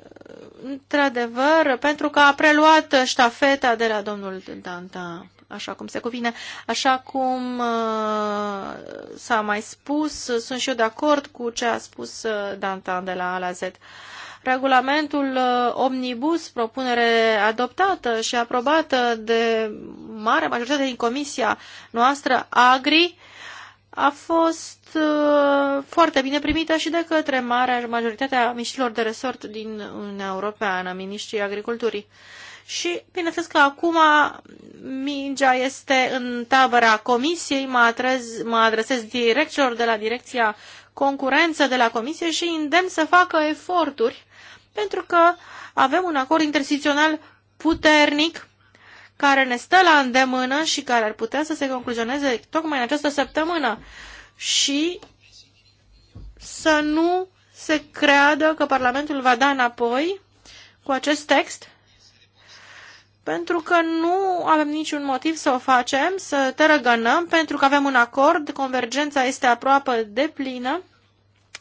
într-adevăr, pentru că a preluat ștafeta de la domnul Danta, așa cum se cuvine. Așa cum uh, s-a mai spus, sunt și eu de acord cu ce a spus uh, Danta de la A la Z. Regulamentul Omnibus, propunere adoptată și aprobată de mare majoritate din comisia noastră, AGRI, a fost uh, foarte bine primită și de către marea majoritatea miștilor de resort din Uniunea Europeană, miniștrii agriculturii. Și bineînțeles că acum mingea este în tabăra comisiei, mă, atrez, mă adresez direct celor de la direcția concurență de la comisie și îndemn să facă eforturi pentru că avem un acord interstituțional puternic care ne stă la îndemână și care ar putea să se concluzioneze tocmai în această săptămână și să nu se creadă că Parlamentul va da înapoi cu acest text pentru că nu avem niciun motiv să o facem, să te răgănăm, pentru că avem un acord, convergența este aproape de plină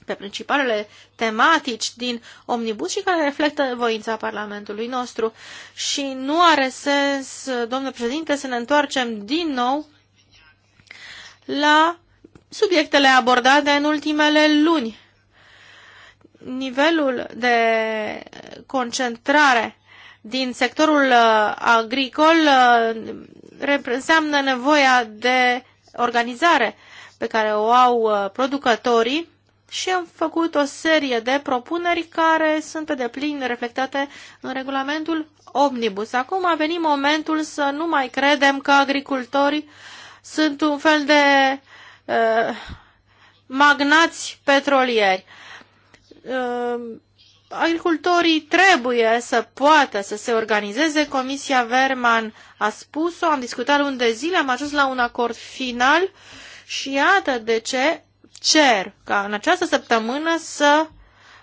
pe principalele tematici din omnibus și care reflectă voința Parlamentului nostru. Și nu are sens, domnule președinte, să ne întoarcem din nou la subiectele abordate în ultimele luni. Nivelul de concentrare din sectorul uh, agricol uh, înseamnă nevoia de organizare pe care o au uh, producătorii și am făcut o serie de propuneri care sunt pe deplin reflectate în regulamentul Omnibus. Acum a venit momentul să nu mai credem că agricultorii sunt un fel de uh, magnați petrolieri. Uh, agricultorii trebuie să poată să se organizeze. Comisia Verman a spus-o, am discutat luni de zile, am ajuns la un acord final și iată de ce cer ca în această săptămână să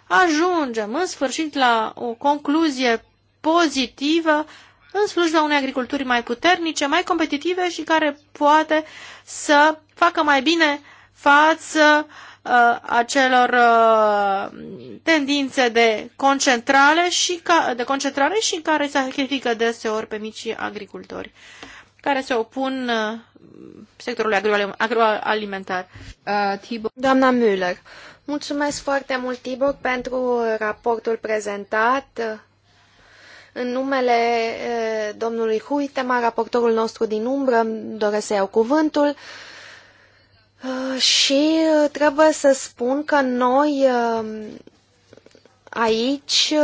ajungem în sfârșit la o concluzie pozitivă în slujba unei agriculturi mai puternice, mai competitive și care poate să facă mai bine față uh, acelor uh, tendințe de concentrare și ca, de concentrare și care sacrifică deseori pe micii agricultori care se opun uh, sectorului agroalimentar. Uh, Tibor. Doamna Müller, mulțumesc foarte mult, Tibor, pentru raportul prezentat. În numele uh, domnului Huitema, raportorul nostru din umbră, doresc să iau cuvântul. Și trebuie să spun că noi aici,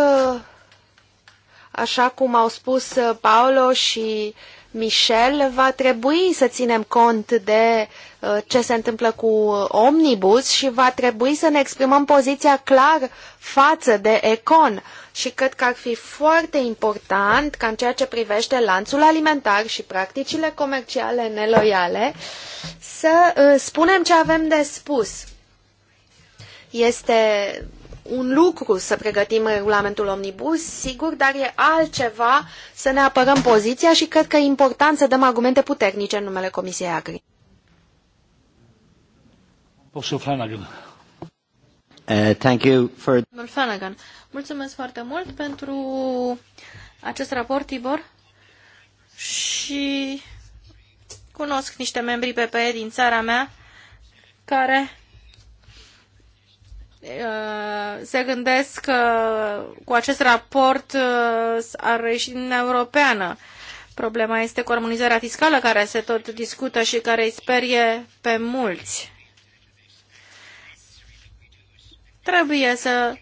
așa cum au spus Paolo și uh, Michel, va trebui să ținem cont de uh, ce se întâmplă cu Omnibus și va trebui să ne exprimăm poziția clar față de Econ. Și cred că ar fi foarte important ca în ceea ce privește lanțul alimentar și practicile comerciale neloiale să uh, spunem ce avem de spus. Este un lucru să pregătim regulamentul omnibus, sigur, dar e altceva să ne apărăm poziția și cred că e important să dăm argumente puternice în numele Comisiei Agri. Uh, thank you for... mulțumesc foarte mult pentru acest raport, Tibor, și cunosc niște membri PPE din țara mea care uh, se gândesc că cu acest raport uh, ar reuși în europeană. Problema este cu armonizarea fiscală care se tot discută și care îi sperie pe mulți. Trebuie să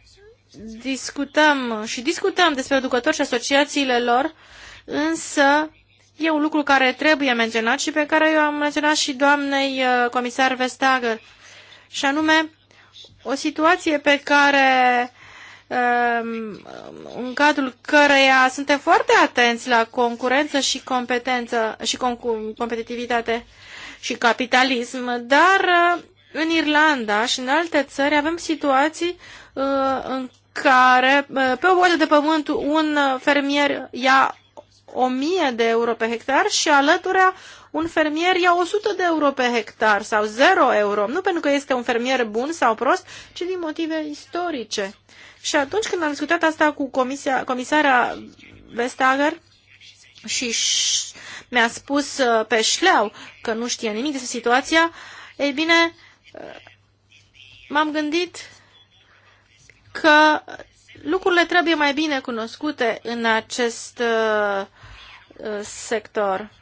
discutăm și discutăm despre educători și asociațiile lor, însă e un lucru care trebuie menționat și pe care eu am menționat și doamnei uh, comisar Vestager, și anume o situație pe care um, în cadrul căreia suntem foarte atenți la concurență și competență și competitivitate și capitalism, dar uh, în Irlanda și în alte țări avem situații uh, în care uh, pe o botă de pământ un fermier ia 1000 de euro pe hectar și alătura un fermier ia 100 de euro pe hectar sau 0 euro, nu pentru că este un fermier bun sau prost, ci din motive istorice. Și atunci când am discutat asta cu comisia, comisarea Vestager și mi-a spus uh, pe șleau că nu știe nimic despre situația, ei bine, uh, m-am gândit că lucrurile trebuie mai bine cunoscute în acest uh, sector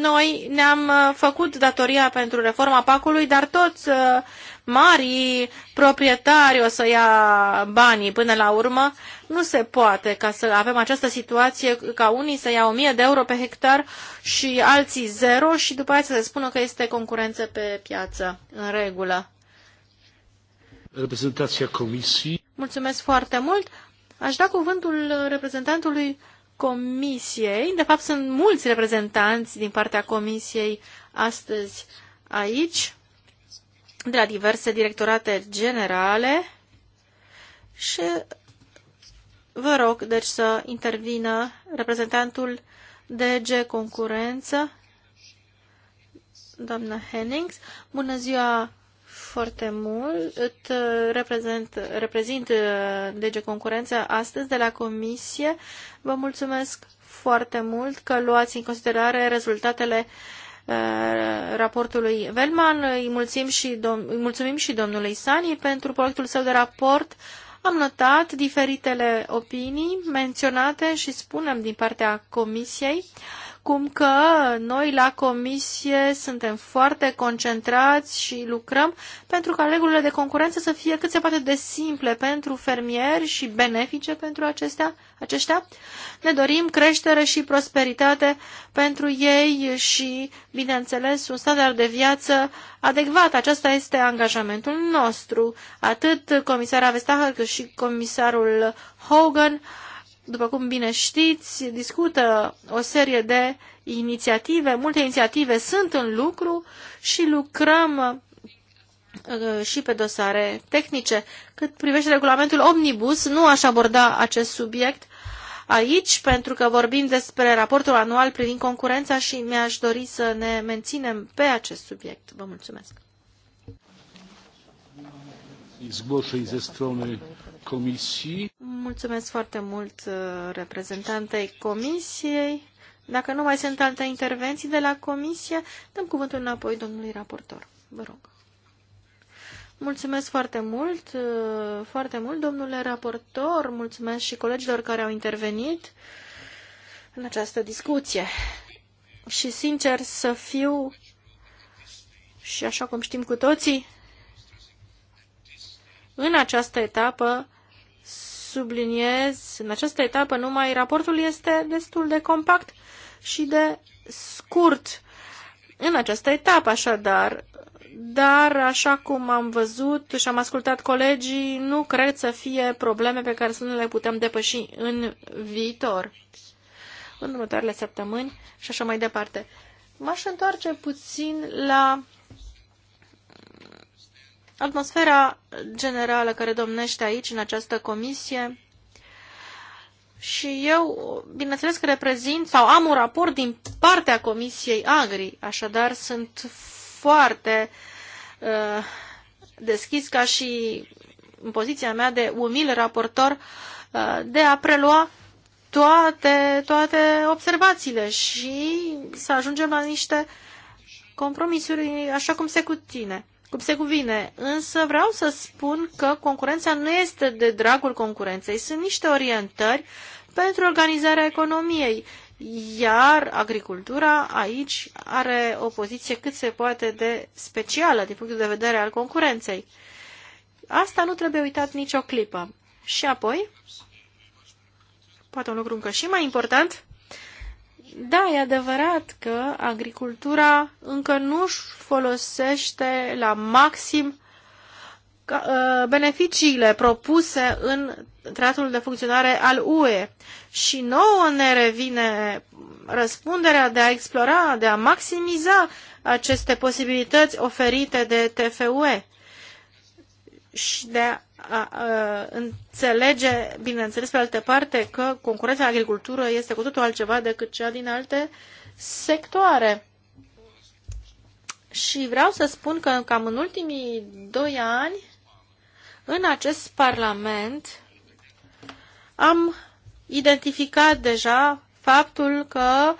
noi ne-am uh, făcut datoria pentru reforma pacului, dar toți uh, mari proprietari o să ia banii până la urmă. Nu se poate ca să avem această situație ca unii să ia 1000 de euro pe hectar și alții zero și după aceea să se spună că este concurență pe piață în regulă. Reprezentația comisiei. Mulțumesc foarte mult. Aș da cuvântul reprezentantului Comisiei. De fapt, sunt mulți reprezentanți din partea Comisiei astăzi aici, de la diverse directorate generale și vă rog, deci, să intervină reprezentantul DG Concurență, doamna Hennings. Bună ziua foarte mult. Reprezent, reprezint uh, lege Concurență astăzi de la Comisie. Vă mulțumesc foarte mult că luați în considerare rezultatele uh, raportului Velman. Îi mulțumim și, dom- îi mulțumim și domnului Sani pentru proiectul său de raport. Am notat diferitele opinii menționate și spunem din partea Comisiei. Uh, cum că noi la comisie suntem foarte concentrați și lucrăm pentru ca regulile de concurență să fie cât se poate de simple pentru fermieri și benefice pentru acestea, aceștia. Ne dorim creștere și prosperitate pentru ei și, bineînțeles, un standard de viață adecvat. Acesta este angajamentul nostru. Atât comisara Vestager cât și comisarul Hogan după cum bine știți, discută o serie de inițiative, multe inițiative sunt în lucru și lucrăm uh, și pe dosare tehnice. Cât privește regulamentul Omnibus, nu aș aborda acest subiect aici, pentru că vorbim despre raportul anual privind concurența și mi-aș dori să ne menținem pe acest subiect. Vă mulțumesc. Zgłoszeń ze strony komisji. Mulțumesc foarte mult uh, reprezentantei Comisiei. Dacă nu mai sunt alte intervenții de la Comisie, dăm cuvântul înapoi domnului raportor. Vă rog. Mulțumesc foarte mult, uh, foarte mult, domnule raportor. Mulțumesc și colegilor care au intervenit în această discuție. Și sincer să fiu, și așa cum știm cu toții, în această etapă subliniez în această etapă numai raportul este destul de compact și de scurt în această etapă, așadar. Dar, așa cum am văzut și am ascultat colegii, nu cred să fie probleme pe care să nu le putem depăși în viitor, în următoarele săptămâni și așa mai departe. M-aș întoarce puțin la Atmosfera generală care domnește aici, în această comisie, și eu, bineînțeles că reprezint sau am un raport din partea Comisiei Agri, așadar sunt foarte uh, deschis ca și în poziția mea de umil raportor uh, de a prelua toate, toate observațiile și să ajungem la niște compromisuri așa cum se cutine cum se cuvine. Însă vreau să spun că concurența nu este de dragul concurenței. Sunt niște orientări pentru organizarea economiei, iar agricultura aici are o poziție cât se poate de specială din punctul de vedere al concurenței. Asta nu trebuie uitat nicio clipă. Și apoi, poate un lucru încă și mai important, da, e adevărat că agricultura încă nu își folosește la maxim ă, beneficiile propuse în tratul de funcționare al UE și nouă ne revine răspunderea de a explora, de a maximiza aceste posibilități oferite de TFUE și de a a, a, înțelege, bineînțeles, pe altă parte, că concurența în agricultură este cu totul altceva decât cea din alte sectoare. Și vreau să spun că cam în ultimii doi ani, în acest Parlament, am identificat deja faptul că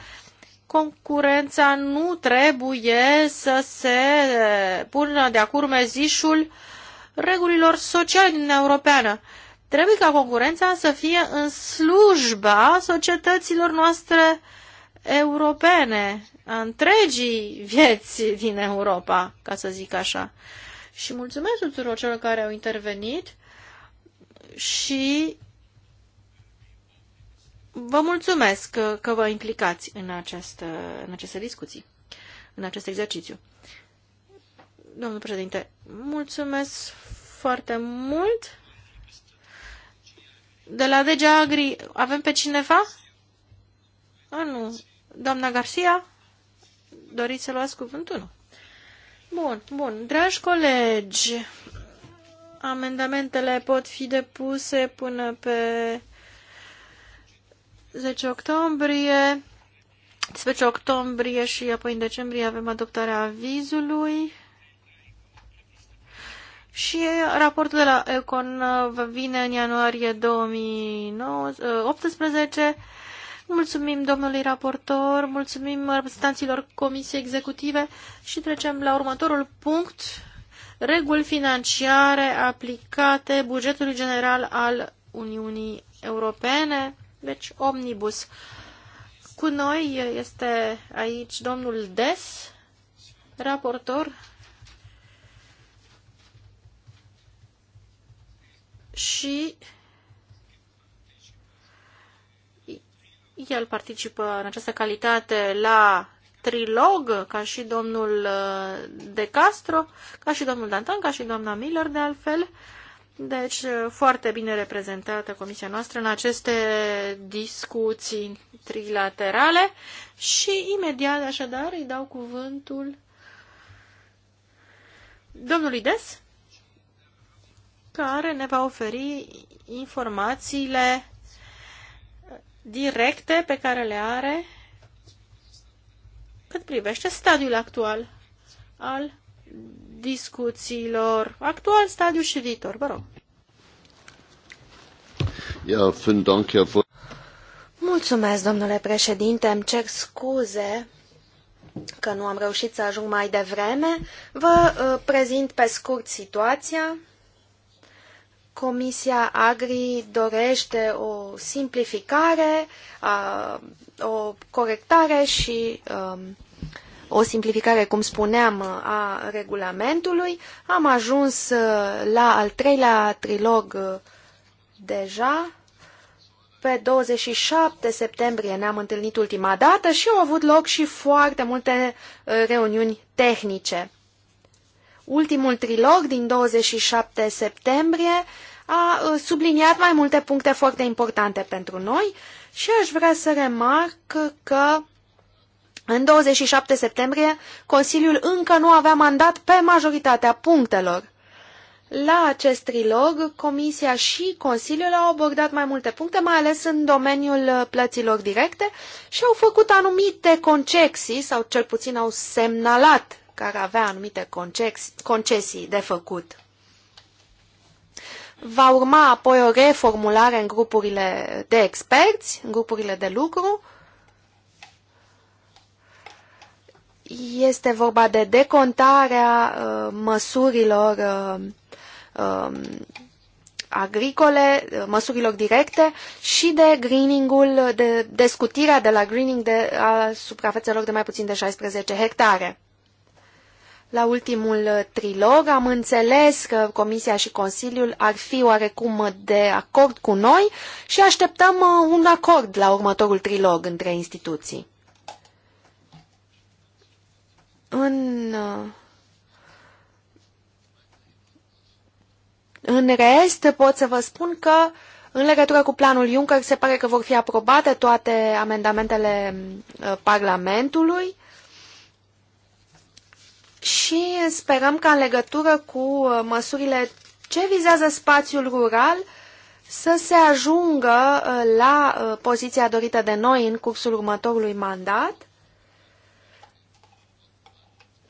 concurența nu trebuie să se pună de-a curmezișul uh, regulilor sociale din Europeană. Trebuie ca concurența să fie în slujba societăților noastre europene, a întregii vieți din Europa, ca să zic așa. Și mulțumesc tuturor celor care au intervenit și vă mulțumesc că vă implicați în, această, în aceste discuții, în acest exercițiu. Domnul președinte, mulțumesc foarte mult. De la Degea Agri avem pe cineva? A, nu. Doamna Garcia? Doriți să luați cuvântul? Nu. Bun, bun. Dragi colegi, amendamentele pot fi depuse până pe 10 octombrie. 10 octombrie și apoi în decembrie avem adoptarea avizului. Și raportul de la Econ uh, vine în ianuarie 2018. Uh, mulțumim domnului raportor, mulțumim reprezentanților Comisiei Executive și trecem la următorul punct. Reguli financiare aplicate bugetului general al Uniunii Europene, deci omnibus. Cu noi este aici domnul Des, raportor și el participă în această calitate la trilog, ca și domnul uh, De Castro, ca și domnul Dantan, ca și doamna Miller, de altfel. Deci, uh, foarte bine reprezentată comisia noastră în aceste discuții trilaterale și imediat, așadar, îi dau cuvântul domnului Des care ne va oferi informațiile directe pe care le are cât privește stadiul actual al discuțiilor, actual, stadiu și viitor. Vă rog. Mulțumesc, domnule președinte. Îmi cer scuze că nu am reușit să ajung mai devreme. Vă uh, prezint pe scurt situația. Comisia Agri dorește o simplificare, o corectare și um, o simplificare, cum spuneam, a regulamentului. Am ajuns uh, la al treilea trilog uh, deja. Pe 27 septembrie ne-am întâlnit ultima dată și au avut loc și foarte multe uh, reuniuni tehnice. Ultimul trilog din 27 septembrie a subliniat mai multe puncte foarte importante pentru noi și aș vrea să remarc că în 27 septembrie Consiliul încă nu avea mandat pe majoritatea punctelor. La acest trilog, Comisia și Consiliul au abordat mai multe puncte, mai ales în domeniul uh, plăților directe și au făcut anumite concesii, sau cel puțin au semnalat care avea anumite concesii de făcut. Va urma apoi o reformulare în grupurile de experți, în grupurile de lucru. Este vorba de decontarea uh, măsurilor uh, um, agricole, uh, măsurilor directe și de greening-ul, de, discutirea de la greening de, a suprafețelor de mai puțin de 16 hectare. La ultimul uh, trilog am înțeles că Comisia și Consiliul ar fi oarecum de acord cu noi și așteptăm uh, un acord la următorul trilog între instituții. În, uh, în rest pot să vă spun că în legătură cu planul Juncker se pare că vor fi aprobate toate amendamentele Parlamentului și sperăm ca în legătură cu uh, măsurile ce vizează spațiul rural să se ajungă uh, la uh, poziția dorită de noi în cursul următorului mandat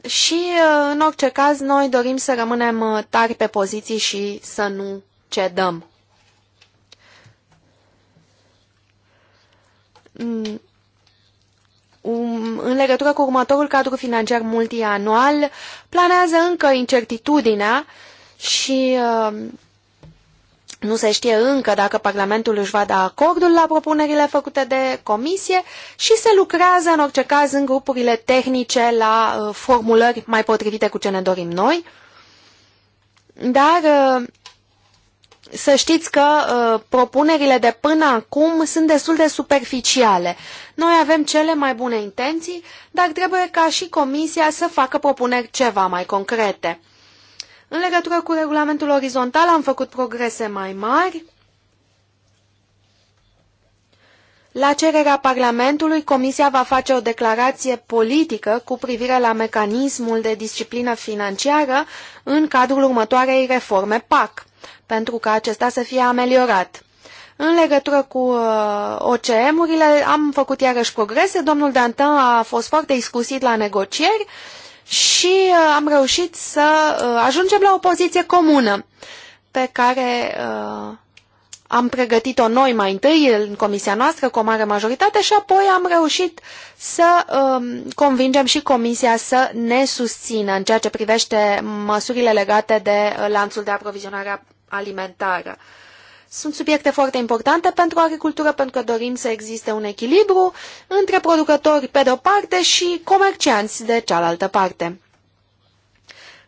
și, în orice caz, noi dorim să rămânem tari pe poziții și să nu cedăm. Mm um, în legătură cu următorul cadru financiar multianual planează încă incertitudinea și uh, nu se știe încă dacă Parlamentul își va da acordul la propunerile făcute de comisie și se lucrează în orice caz în grupurile tehnice la uh, formulări mai potrivite cu ce ne dorim noi. Dar uh, să știți că uh, propunerile de până acum sunt destul de superficiale. Noi avem cele mai bune intenții, dar trebuie ca și Comisia să facă propuneri ceva mai concrete. În legătură cu regulamentul orizontal am făcut progrese mai mari. La cererea Parlamentului, Comisia va face o declarație politică cu privire la mecanismul de disciplină financiară în cadrul următoarei reforme PAC pentru ca acesta să fie ameliorat. În legătură cu uh, OCM-urile am făcut iarăși progrese. Domnul Dantin a fost foarte iscusit la negocieri și uh, am reușit să uh, ajungem la o poziție comună pe care am pregătit-o noi mai întâi în comisia noastră cu o mare majoritate și apoi am reușit să um, convingem și comisia să ne susțină în ceea ce privește măsurile legate de lanțul de aprovizionare a alimentară. Sunt subiecte foarte importante pentru agricultură pentru că dorim să existe un echilibru între producători pe de-o parte și comercianți de cealaltă parte.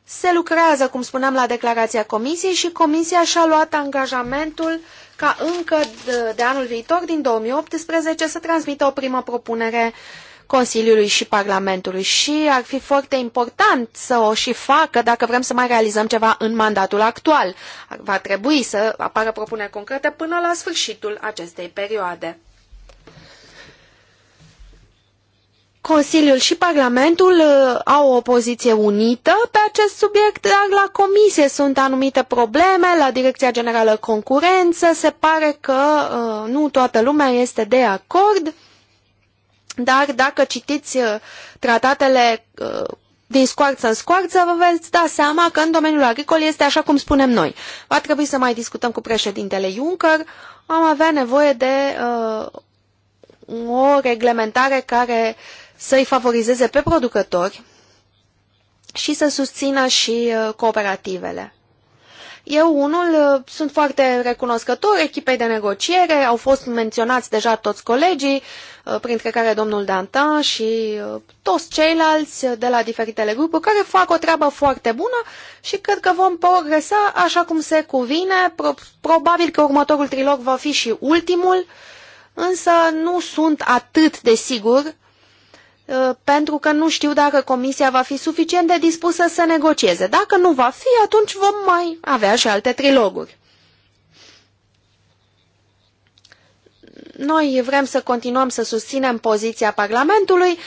Se lucrează, cum spuneam, la declarația Comisiei și Comisia și-a luat angajamentul ca încă de, de anul viitor, din 2018, să transmită o primă propunere uh, Consiliului și Parlamentului și ar fi foarte important să o și facă dacă vrem să mai realizăm ceva în mandatul actual. Va trebui să apară propuneri concrete până la sfârșitul acestei perioade. Consiliul și Parlamentul uh, au o poziție unită pe acest subiect, dar la Comisie sunt anumite probleme, la Direcția Generală Concurență se pare că uh, nu toată lumea este de acord dar dacă citiți uh, tratatele uh, din scoarță în scoarță, vă veți da seama că în domeniul agricol este așa cum spunem noi. Va trebui să mai discutăm cu președintele Juncker. Am avea nevoie de uh, o reglementare care să-i favorizeze pe producători și să susțină și uh, cooperativele. Eu, unul, uh, sunt foarte recunoscător echipei de negociere, au fost menționați deja toți colegii, uh, printre care domnul Dantin și uh, toți ceilalți de la diferitele grupuri, care fac o treabă foarte bună și cred că vom progresa așa cum se cuvine. Probabil că următorul trilog va fi și ultimul, însă nu sunt atât de sigur Uh, pentru că nu știu dacă Comisia va fi suficient de dispusă să negocieze. Dacă nu va fi, atunci vom mai avea și alte triloguri. Noi vrem să continuăm să susținem poziția Parlamentului.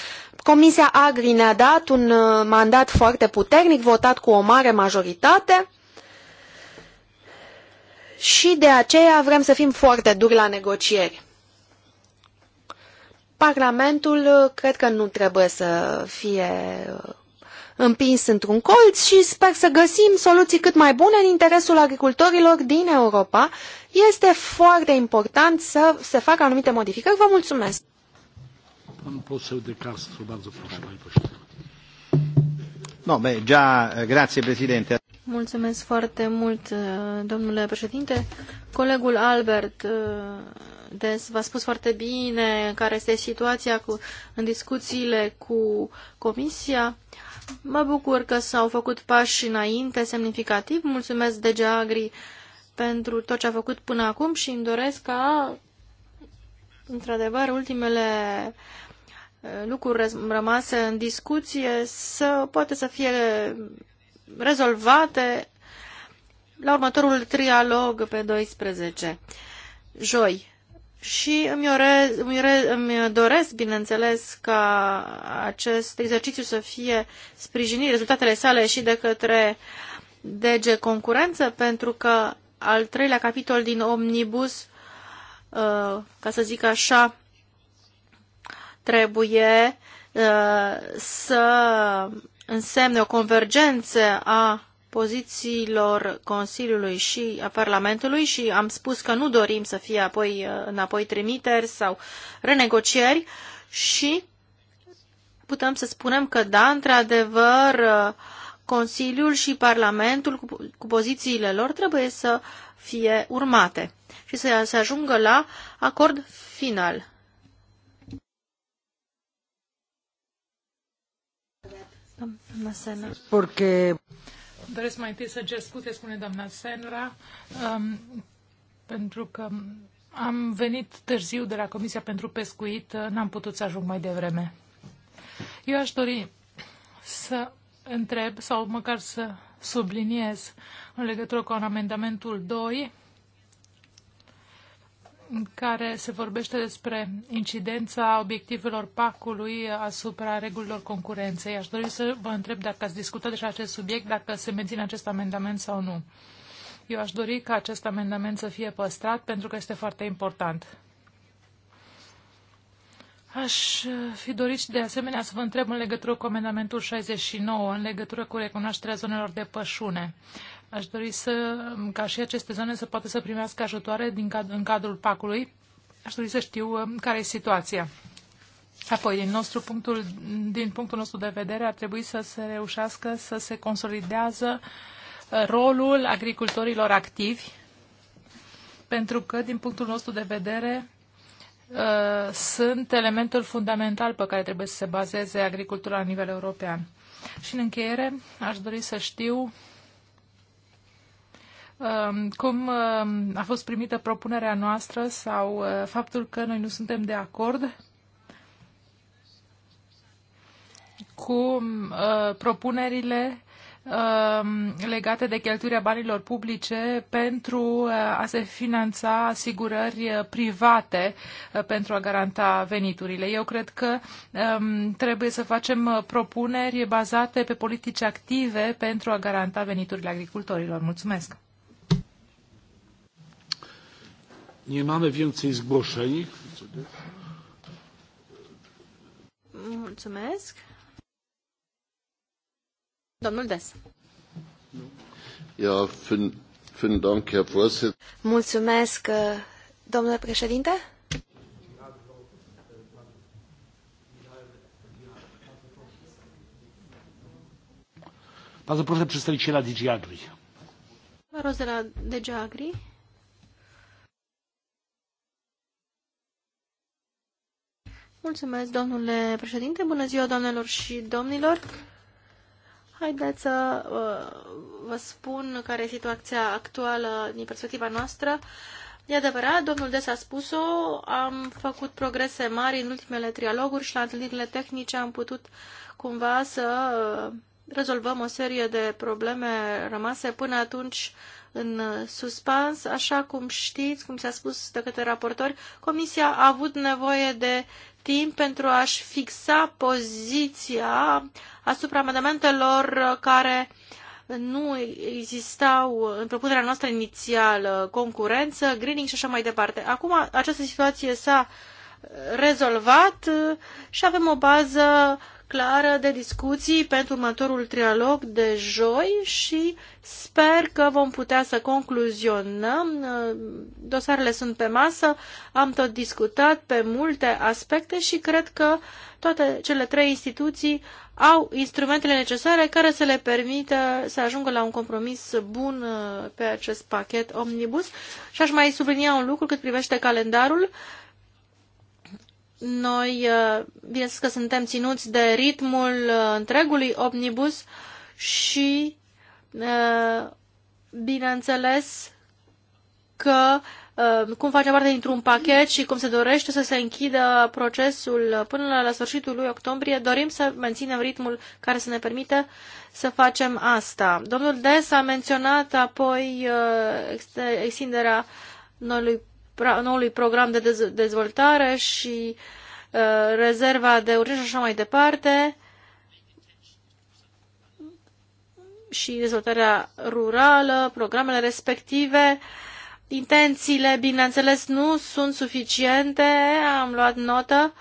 Comisia Agri ne-a dat un uh, mandat foarte puternic, votat cu o mare majoritate și de aceea vrem să fim foarte duri la negocieri. Parlamentul uh, cred că nu trebuie să fie uh, împins într-un colț și sper să găsim soluții cât mai bune în interesul agricultorilor din Europa. Este foarte important să se facă anumite modificări. Vă mulțumesc! No, beh, già, eh, grazie Presidente. Mulțumesc foarte mult, eh, domnule președinte. Colegul Albert eh, Des v-a spus foarte bine care este situația cu, în discuțiile cu Comisia. Mă bucur că s-au făcut pași înainte semnificativ. Mulțumesc de Agri pentru tot ce a făcut până acum și îmi doresc ca, într-adevăr, ultimele eh, lucruri rămase în discuție să poate să fie rezolvate la următorul trialog pe 12 joi. Și îmi, orez, îmi, orez, îmi doresc, bineînțeles, ca acest exercițiu să fie sprijinit, rezultatele sale și de către DG Concurență, pentru că al treilea capitol din Omnibus, uh, ca să zic așa, trebuie uh, să însemne o convergență a pozițiilor Consiliului și a Parlamentului și am spus că nu dorim să fie apoi uh, înapoi trimiteri sau renegocieri și putem să spunem că da, într-adevăr, uh, Consiliul și Parlamentul cu pozițiile lor trebuie să fie urmate și să se ajungă la acord final. Porque Doresc mai întâi să cer scuze, spune doamna Senra, um, pentru că am venit târziu de la Comisia pentru Pescuit, uh, n-am putut să ajung mai devreme. Eu aș dori să întreb sau măcar să subliniez în legătură cu amendamentul 2 în care se vorbește despre incidența obiectivelor PAC-ului asupra regulilor concurenței. Aș dori să vă întreb dacă ați discutat deja acest subiect, dacă se menține acest amendament sau nu. Eu aș dori ca acest amendament să fie păstrat pentru că este foarte important. Aș fi dorit de asemenea să vă întreb în legătură cu amendamentul 69, în legătură cu recunoașterea zonelor de pășune. Aș dori să, ca și aceste zone să poată să primească ajutoare din, în cadrul pacului. Aș dori să știu uh, care e situația. Apoi, din, nostru punctul, din punctul nostru de vedere, ar trebui să se reușească să se consolidează uh, rolul agricultorilor activi, pentru că, din punctul nostru de vedere, uh, sunt elementul fundamental pe care trebuie să se bazeze agricultura la nivel european. Și în încheiere, aș dori să știu Um, cum um, a fost primită propunerea noastră sau uh, faptul că noi nu suntem de acord cu um, uh, propunerile legate de cheltuirea banilor publice pentru uh, a se finanța asigurări private pentru a garanta veniturile. Eu cred că trebuie să facem propuneri bazate pe politici active pentru a garanta veniturile agricultorilor. Mulțumesc! Nie mamy więcej zgłoszeń. Mulțumesc. Domnul Des. Ja, vielen, vielen Dank, Herr Mulțumesc, uh, domnule președinte. Bardzo proszę przedstawiciela DG Agri. Rozela DG Agri. Mulțumesc, domnule președinte. Bună ziua, doamnelor și domnilor. Haideți să uh, vă spun care e situația actuală din perspectiva noastră. E adevărat, domnul Des a spus-o, am făcut progrese mari în ultimele trialoguri și la întâlnirile tehnice am putut cumva să rezolvăm o serie de probleme rămase până atunci în suspans. Așa cum știți, cum s-a spus de către raportori, Comisia a avut nevoie de timp pentru a-și fixa poziția asupra amendamentelor care nu existau în propunerea noastră inițială concurență, greening și așa mai departe. Acum această situație s-a rezolvat și avem o bază clară de discuții pentru următorul trialog de joi și sper că vom putea să concluzionăm. Dosarele sunt pe masă, am tot discutat pe multe aspecte și cred că toate cele trei instituții au instrumentele necesare care să le permită să ajungă la un compromis bun uh, pe acest pachet omnibus. Și aș mai sublinia un lucru cât privește calendarul. Noi, uh, bineînțeles că suntem ținuți de ritmul uh, întregului omnibus și, uh, bineînțeles, că cum face parte dintr-un pachet și cum se dorește să se închidă procesul până la sfârșitul lui octombrie, dorim să menținem ritmul care să ne permită să facem asta. Domnul Des a menționat apoi extinderea noului noului program de dezvoltare și uh, rezerva de urgență și așa mai departe și dezvoltarea rurală, programele respective. Intențiile, bineînțeles, nu sunt suficiente, am luat notă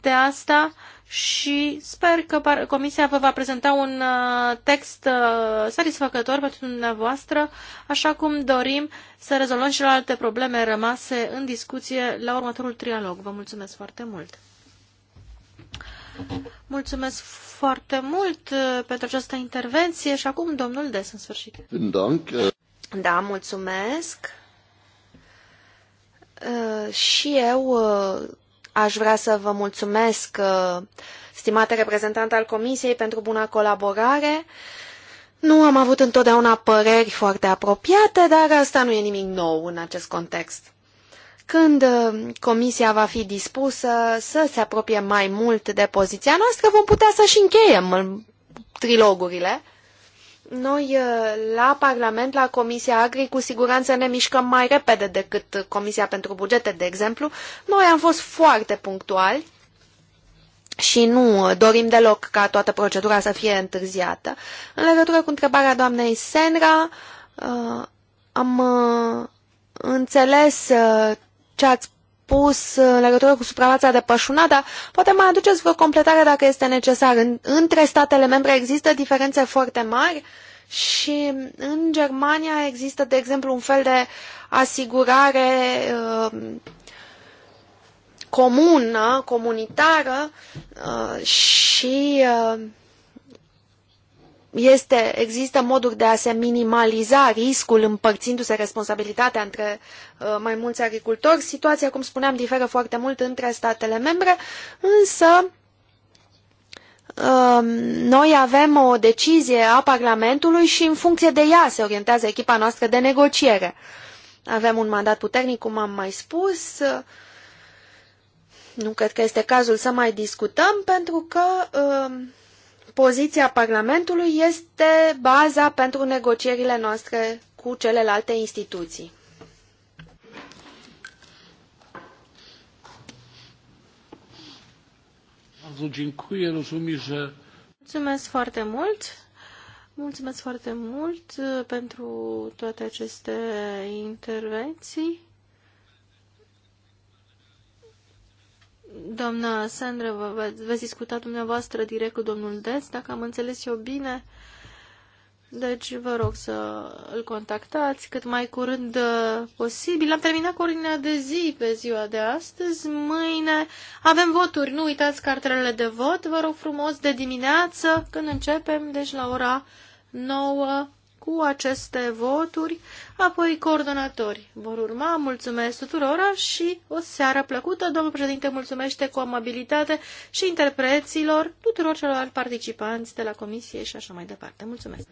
de asta și sper că Comisia vă va prezenta un uh, text uh, satisfăcător pentru dumneavoastră, așa cum dorim să rezolvăm și alte probleme rămase în discuție la următorul trialog. Vă mulțumesc foarte mult! Mulțumesc foarte mult uh, pentru această intervenție și acum domnul Des, în sfârșit. Da, mulțumesc. Și eu Aș vrea să vă mulțumesc, uh, stimate reprezentantă al Comisiei, pentru buna colaborare. Nu am avut întotdeauna păreri foarte apropiate, dar asta nu e nimic nou în acest context. Când uh, Comisia va fi dispusă să se apropie mai mult de poziția noastră, vom putea să și încheiem uh, trilogurile noi uh, la Parlament, la Comisia Agri, cu siguranță ne mișcăm mai repede decât Comisia pentru Bugete, de exemplu. Noi am fost foarte punctuali și nu dorim deloc ca toată procedura să fie întârziată. În legătură cu întrebarea doamnei Senra, uh, am uh, înțeles ce ați spus uh, în legătură cu suprafața depășunată, dar poate mai aduceți vreo completare dacă este necesar. Între statele membre există diferențe foarte mari și în Germania există, de exemplu, un fel de asigurare uh, comună, comunitară uh, și este, există moduri de a se minimaliza riscul împărțindu-se responsabilitatea între uh, mai mulți agricultori. Situația, cum spuneam, diferă foarte mult între statele membre, însă um, noi avem o decizie a Parlamentului și în funcție de ea se orientează echipa noastră de negociere. Avem un mandat puternic, cum am mai spus. Nu cred că este cazul să mai discutăm, pentru că uh, poziția Parlamentului este baza pentru negocierile noastre cu celelalte instituții. Mulțumesc foarte mult! Mulțumesc foarte mult uh, pentru toate aceste intervenții. Doamna Sandra, veți discuta dumneavoastră direct cu domnul Des, dacă am înțeles eu bine. Deci vă rog să îl contactați cât mai curând uh, posibil. Am terminat cu ordinea de zi pe ziua de astăzi. Mâine avem voturi. Nu uitați cartelele de vot. Vă rog frumos de dimineață când începem, deci la ora 9 cu aceste voturi, apoi coordonatori vor urma. Mulțumesc tuturora și o seară plăcută. Domnul președinte mulțumește cu amabilitate și interpreților tuturor celorlalți participanți de la comisie și așa mai departe. Mulțumesc!